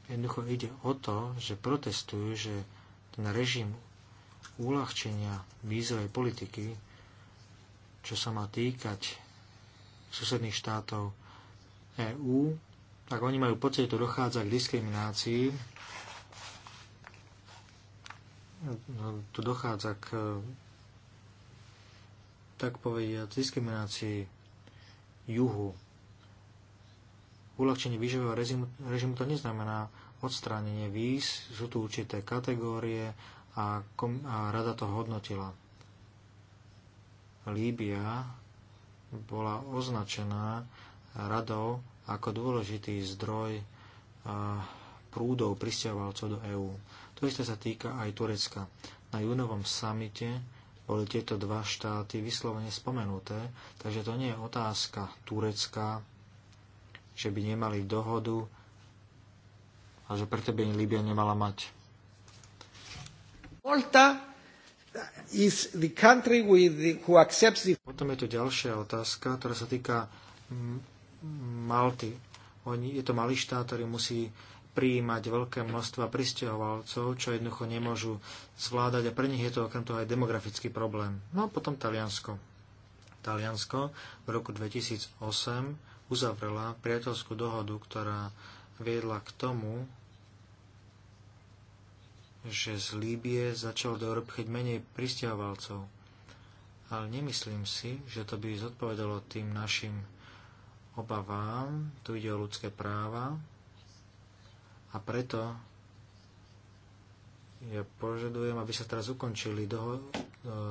Jednoducho ide o to, že protestujú, že ten režim uľahčenia vízovej politiky, čo sa má týkať susedných štátov EÚ, tak oni majú pocit, že to dochádza k diskriminácii, tu dochádza k tak povediať diskriminácii juhu. Uľahčenie výživového režimu, režimu to neznamená odstránenie víz, sú tu určité kategórie a, kom, a rada to hodnotila. Líbia bola označená radou ako dôležitý zdroj prúdov pristiavalcov do EÚ. To isté sa týka aj Turecka. Na júnovom samite boli tieto dva štáty vyslovene spomenuté, takže to nie je otázka Turecka, že by nemali dohodu a že preto by Libia nemala mať. Volta is the country with the, who accepts the... Potom je tu ďalšia otázka, ktorá sa týka Malty. Oni, je to malý štát, ktorý musí prijímať veľké množstva pristahovalcov, čo jednoducho nemôžu zvládať a pre nich je to okrem toho aj demografický problém. No a potom Taliansko. Taliansko v roku 2008 uzavrela priateľskú dohodu, ktorá viedla k tomu, že z Líbie začal do Európy chyť menej pristiavalcov. Ale nemyslím si, že to by zodpovedalo tým našim obavám. Tu ide o ľudské práva. A preto ja požadujem, aby sa teraz ukončili do e,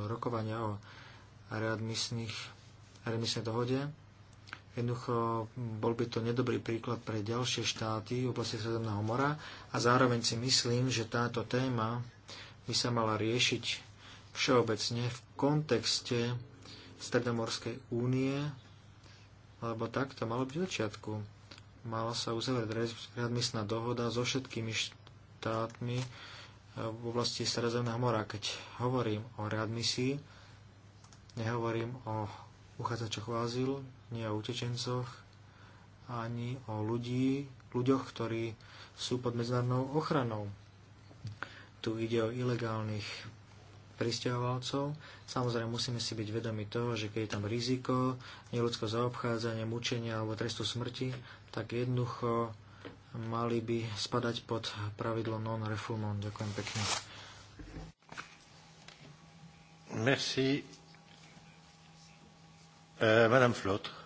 rokovania o readmisnej dohode Jednoducho bol by to nedobrý príklad pre ďalšie štáty v oblasti Sredomného mora a zároveň si myslím, že táto téma by sa mala riešiť všeobecne v kontexte Stredomorskej únie, lebo takto malo byť v začiatku. Mala sa uzavrieť readmisná dohoda so všetkými štátmi eh, v oblasti Stredozemného mora. Keď hovorím o readmisii, nehovorím o uchádzačoch o azyl, nie o utečencoch, ani o ľudí, ľuďoch, ktorí sú pod medzinárodnou ochranou. Tu ide o ilegálnych pristahovalcov. Samozrejme musíme si byť vedomi toho, že keď je tam riziko, neľudské zaobchádzanie, mučenia alebo trestu smrti, tak jednoducho mali by spadať pod pravidlo non-refoulement. Ďakujem pekne. Merci. Euh, Madame Flotre.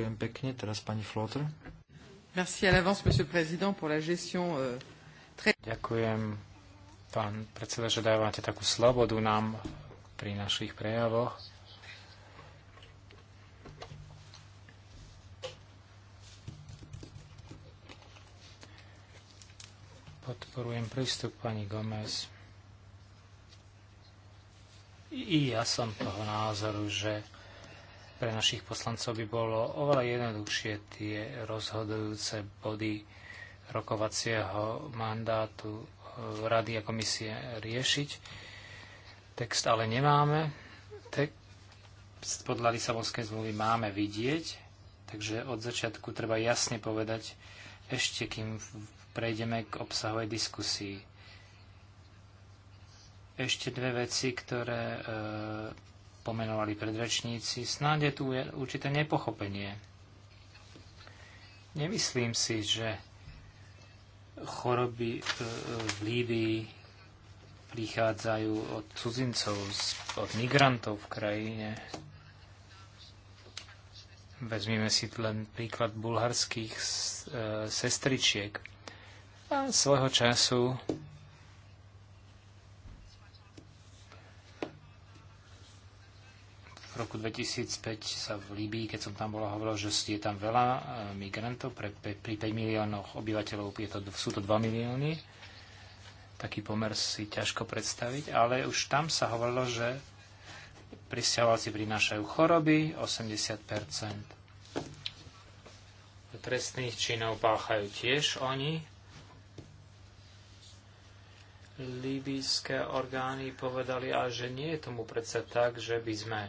Ďakujem pekne. Teraz pani Flotr. Merci à l'avance, monsieur le président, pour la gestion euh, très... Ďakujem, pán predseda, že dávate takú slobodu nám pri našich prejavoch. podporujem prístup pani Gomez. I ja som toho názoru, že pre našich poslancov by bolo oveľa jednoduchšie tie rozhodujúce body rokovacieho mandátu e, rady a komisie riešiť. Text ale nemáme. Text podľa Lisabonskej zmluvy máme vidieť, takže od začiatku treba jasne povedať, ešte kým prejdeme k obsahovej diskusii. Ešte dve veci, ktoré e, pomenovali predrečníci, snáď je tu určité nepochopenie. Nemyslím si, že choroby e, e, v Líbii prichádzajú od cudzincov, od migrantov v krajine. Vezmime si len príklad bulharských e, sestričiek. A svojho času roku 2005 sa v Líbii, keď som tam bola, hovoril, že je tam veľa eh, migrantov, pre, pri 5 miliónoch obyvateľov je to, sú to 2 milióny. Taký pomer si ťažko predstaviť, ale už tam sa hovorilo, že pristahovalci prinášajú choroby, 80 Trestných činov páchajú tiež oni. Líbyjské orgány povedali, a že nie je tomu predsa tak, že by sme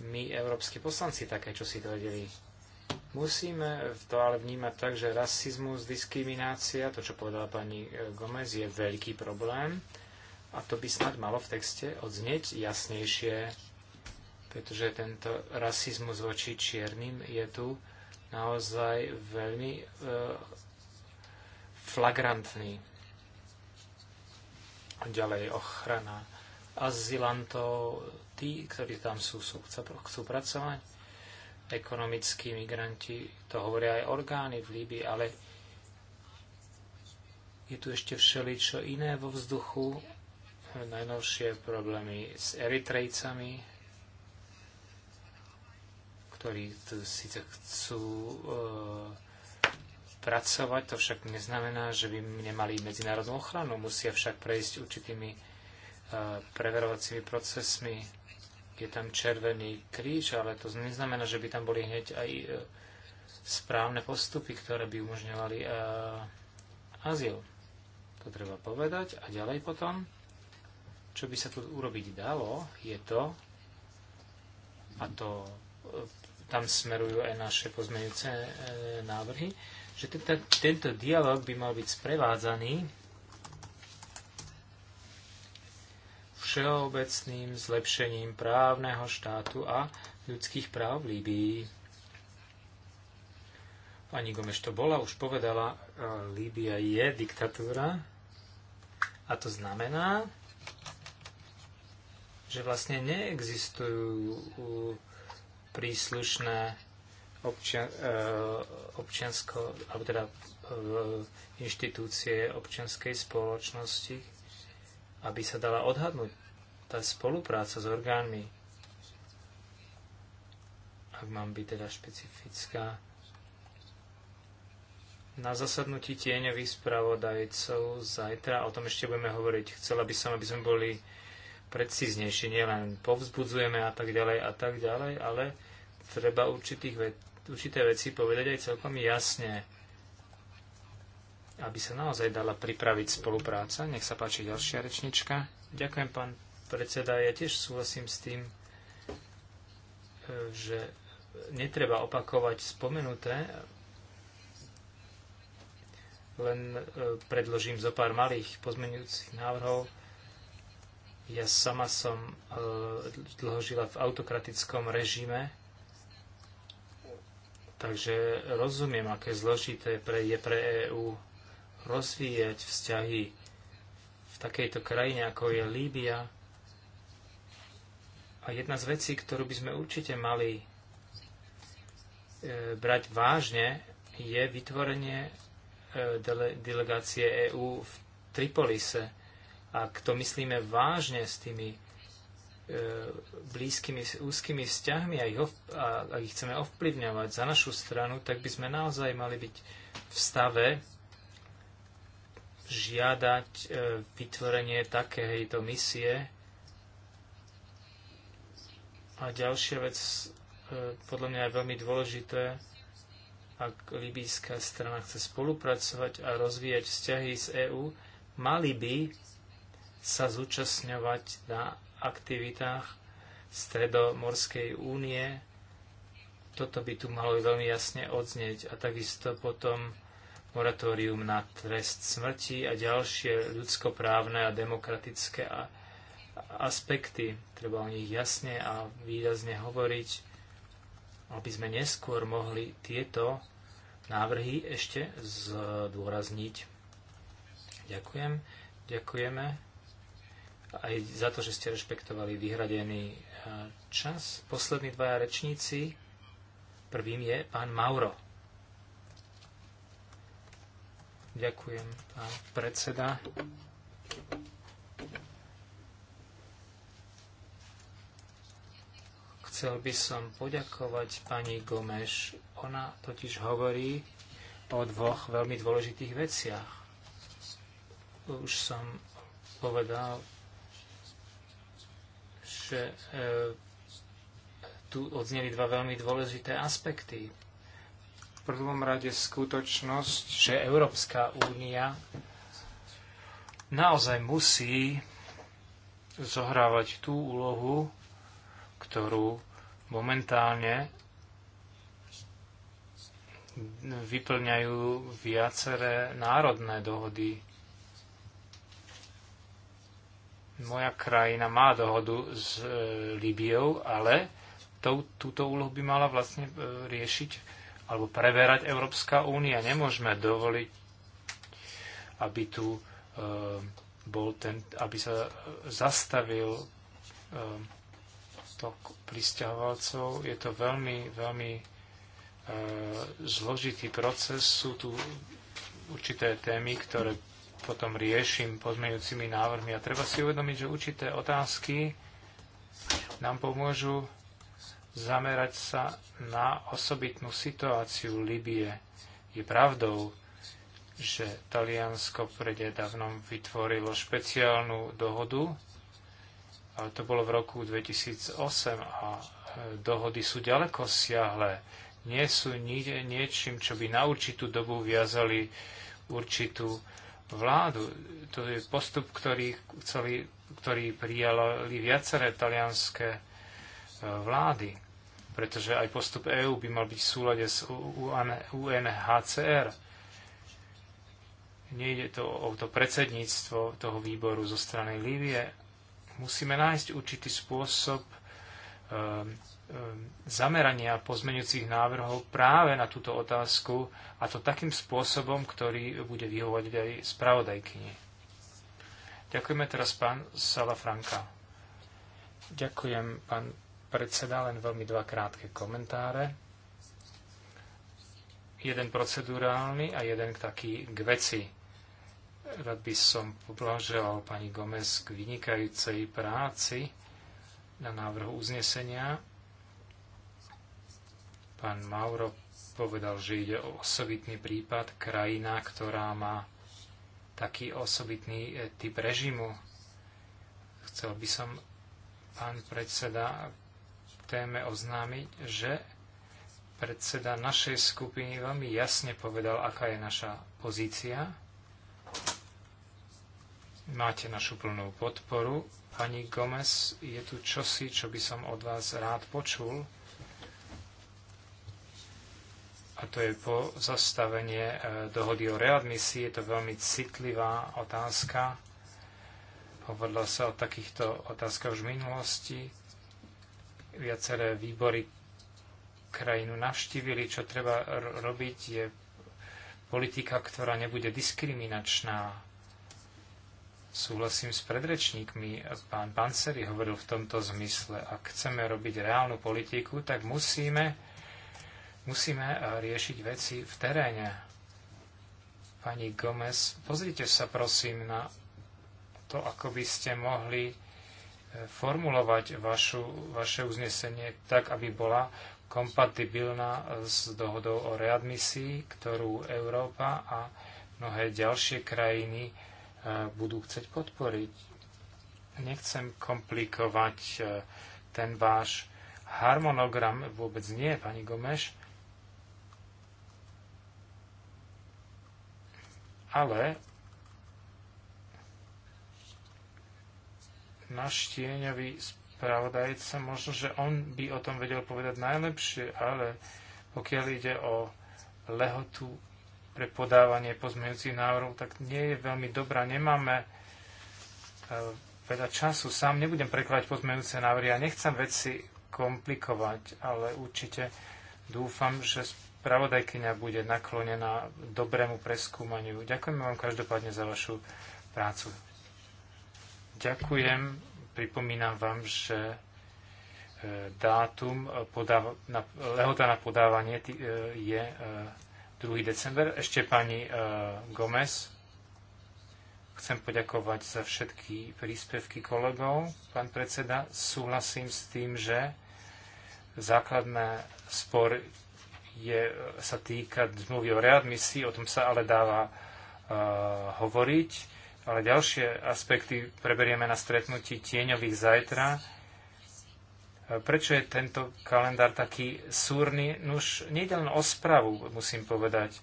my, európsky poslanci, také, čo si tvrdili. Musíme to ale vnímať tak, že rasizmus, diskriminácia, to, čo povedala pani e, Gomez, je veľký problém a to by snad malo v texte odznieť jasnejšie, pretože tento rasizmus voči čiernym je tu naozaj veľmi e, flagrantný. Ďalej ochrana azilantov, tí, ktorí tam sú, sú chcú pracovať, ekonomickí migranti, to hovoria aj orgány v Líbii, ale je tu ešte všeličo iné vo vzduchu, najnovšie problémy s Eritrejcami, ktorí tu síce chcú e, pracovať, to však neznamená, že by nemali medzinárodnú ochranu. Musia však prejsť určitými preverovacími procesmi. Je tam červený kríž, ale to neznamená, že by tam boli hneď aj e, správne postupy, ktoré by umožňovali e, azyl. To treba povedať. A ďalej potom, čo by sa tu urobiť dalo, je to, a to e, tam smerujú aj naše pozmeňujúce návrhy, že tento dialog by mal byť sprevádzaný všeobecným zlepšením právneho štátu a ľudských práv v Líbii. Pani Gomeš to bola, už povedala, e, Líbia je diktatúra a to znamená, že vlastne neexistujú príslušné občia, e, občiansko, alebo teda e, inštitúcie občianskej spoločnosti, aby sa dala odhadnúť tá spolupráca s orgánmi, ak mám byť teda špecifická, na zasadnutí tieňových spravodajcov zajtra, o tom ešte budeme hovoriť. Chcela by som, aby sme boli precíznejší, nielen povzbudzujeme a tak ďalej a tak ďalej, ale treba určitých ve- určité veci povedať aj celkom jasne, aby sa naozaj dala pripraviť spolupráca. Nech sa páči ďalšia rečnička. Ďakujem, pán predseda, ja tiež súhlasím s tým, e, že netreba opakovať spomenuté, len e, predložím zo pár malých pozmenujúcich návrhov. Ja sama som e, dlho žila v autokratickom režime, takže rozumiem, aké zložité pre, je pre EÚ rozvíjať vzťahy v takejto krajine, ako je Líbia, a jedna z vecí, ktorú by sme určite mali e, brať vážne, je vytvorenie e, dele, delegácie EÚ v Tripolise. Ak to myslíme vážne s tými e, blízkymi, úzkými vzťahmi a ich, a, a ich chceme ovplyvňovať za našu stranu, tak by sme naozaj mali byť v stave žiadať vytvorenie takéhejto misie a ďalšia vec, e, podľa mňa je veľmi dôležité, ak libijská strana chce spolupracovať a rozvíjať vzťahy z EÚ, mali by sa zúčastňovať na aktivitách Stredomorskej únie. Toto by tu malo veľmi jasne odznieť a takisto potom moratórium na trest smrti a ďalšie ľudskoprávne a demokratické a aspekty, treba o nich jasne a výrazne hovoriť, aby sme neskôr mohli tieto návrhy ešte zdôrazniť. Ďakujem, ďakujeme aj za to, že ste rešpektovali vyhradený e, čas. Poslední dvaja rečníci, prvým je pán Mauro. Ďakujem, pán predseda. Chcel by som poďakovať pani Gomeš. Ona totiž hovorí o dvoch veľmi dôležitých veciach. Už som povedal, že e, tu odzneli dva veľmi dôležité aspekty. V prvom rade skutočnosť, že Európska únia naozaj musí zohrávať tú úlohu, ktorú momentálne vyplňajú viaceré národné dohody. Moja krajina má dohodu s e, Libiou, ale to, túto úlohu by mala vlastne e, riešiť alebo preberať Európska únia. Nemôžeme dovoliť, aby tu e, bol ten, aby sa zastavil tok pristahovalcov. Je to veľmi, veľmi e, zložitý proces. Sú tu určité témy, ktoré potom riešim pozmeňujúcimi návrhmi. A treba si uvedomiť, že určité otázky nám pomôžu zamerať sa na osobitnú situáciu Libie. Je pravdou, že Taliansko prededávnom vytvorilo špeciálnu dohodu ale to bolo v roku 2008 a e, dohody sú ďaleko siahle. Nie sú nie, niečím, čo by na určitú dobu viazali určitú vládu. To je postup, ktorý, chceli, ktorý prijali viaceré talianské e, vlády, pretože aj postup EÚ by mal byť v súlade s UNHCR nejde to o to predsedníctvo toho výboru zo strany Lívie, musíme nájsť určitý spôsob eh, eh, zamerania pozmeňujúcich návrhov práve na túto otázku a to takým spôsobom, ktorý bude vyhovať aj spravodajkyni. Ďakujeme teraz pán Sala Franka. Ďakujem, pán predseda, len veľmi dva krátke komentáre. Jeden procedurálny a jeden taký k veci Rád by som poblaželal pani Gomez k vynikajúcej práci na návrhu uznesenia. Pán Mauro povedal, že ide o osobitný prípad, krajina, ktorá má taký osobitný e, typ režimu. Chcel by som, pán predseda, téme oznámiť, že predseda našej skupiny veľmi jasne povedal, aká je naša pozícia Máte našu plnú podporu. Pani Gomez, je tu čosi, čo by som od vás rád počul. A to je po zastavenie e, dohody o readmisii. Je to veľmi citlivá otázka. Hovorilo sa o takýchto otázkach už v minulosti. Viaceré výbory krajinu navštívili. Čo treba robiť je politika, ktorá nebude diskriminačná Súhlasím s predrečníkmi. Pán Panceri hovoril v tomto zmysle. Ak chceme robiť reálnu politiku, tak musíme, musíme eh, riešiť veci v teréne. Pani Gomez, pozrite sa prosím na to, ako by ste mohli eh, formulovať vašu, vaše uznesenie tak, aby bola kompatibilná eh, s dohodou o readmisii, ktorú Európa a mnohé ďalšie krajiny budú chcieť podporiť. Nechcem komplikovať e, ten váš harmonogram, vôbec nie, pani Gomeš, ale náš tieňový spravodajca, možno, že on by o tom vedel povedať najlepšie, ale pokiaľ ide o lehotu pre podávanie pozmeňujúcich návrhov, tak nie je veľmi dobrá. Nemáme e, veľa času. Sám nebudem prekladať pozmeňujúce návrhy. Ja nechcem veci komplikovať, ale určite dúfam, že spravodajkyňa bude naklonená dobrému preskúmaniu. Ďakujem vám každopádne za vašu prácu. Ďakujem. Pripomínam vám, že e, dátum podáva, na, lehota na podávanie e, je 2. december. Ešte pani e, Gomez. Chcem poďakovať za všetky príspevky kolegov. Pán predseda, súhlasím s tým, že základné spor je, sa týka zmluvy o readmisii, o tom sa ale dáva e, hovoriť. Ale ďalšie aspekty preberieme na stretnutí tieňových zajtra. Prečo je tento kalendár taký súrny? Nuž, nejde len o spravu, musím povedať.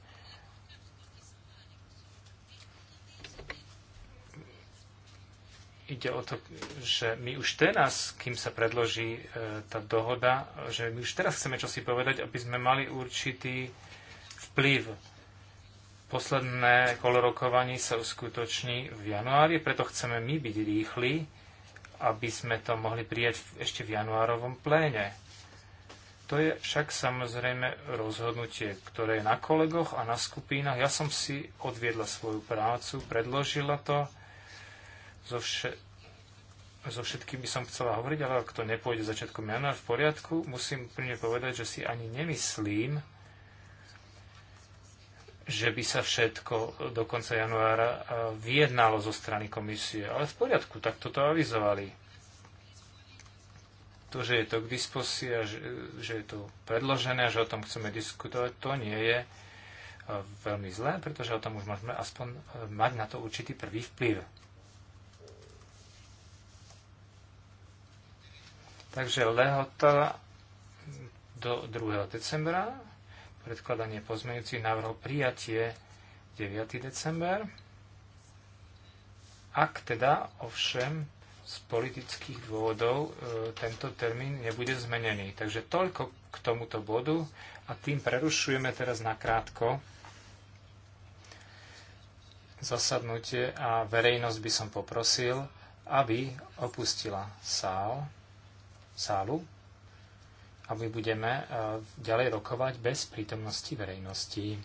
Ide o to, že my už teraz, kým sa predloží e, tá dohoda, že my už teraz chceme čosi povedať, aby sme mali určitý vplyv. Posledné kolorokovanie sa uskutoční v januári, preto chceme my byť rýchli aby sme to mohli prijať ešte v januárovom pléne. To je však samozrejme rozhodnutie, ktoré je na kolegoch a na skupinách. Ja som si odviedla svoju prácu, predložila to. So, vše, so všetkými som chcela hovoriť, ale ak to nepôjde začiatkom januára v poriadku, musím pri povedať, že si ani nemyslím, že by sa všetko do konca januára e, vyjednalo zo strany komisie. Ale v poriadku, tak toto avizovali. To, že je to k dispozícii a že, že je to predložené a že o tom chceme diskutovať, to nie je e, veľmi zlé, pretože o tom už môžeme aspoň e, mať na to určitý prvý vplyv. Takže lehota do 2. decembra predkladanie pozmeňujúci návrhov prijatie 9. december. Ak teda ovšem z politických dôvodov e, tento termín nebude zmenený. Takže toľko k tomuto bodu a tým prerušujeme teraz nakrátko zasadnutie a verejnosť by som poprosil, aby opustila sál, sálu a my budeme eh, ďalej rokovať bez prítomnosti verejnosti.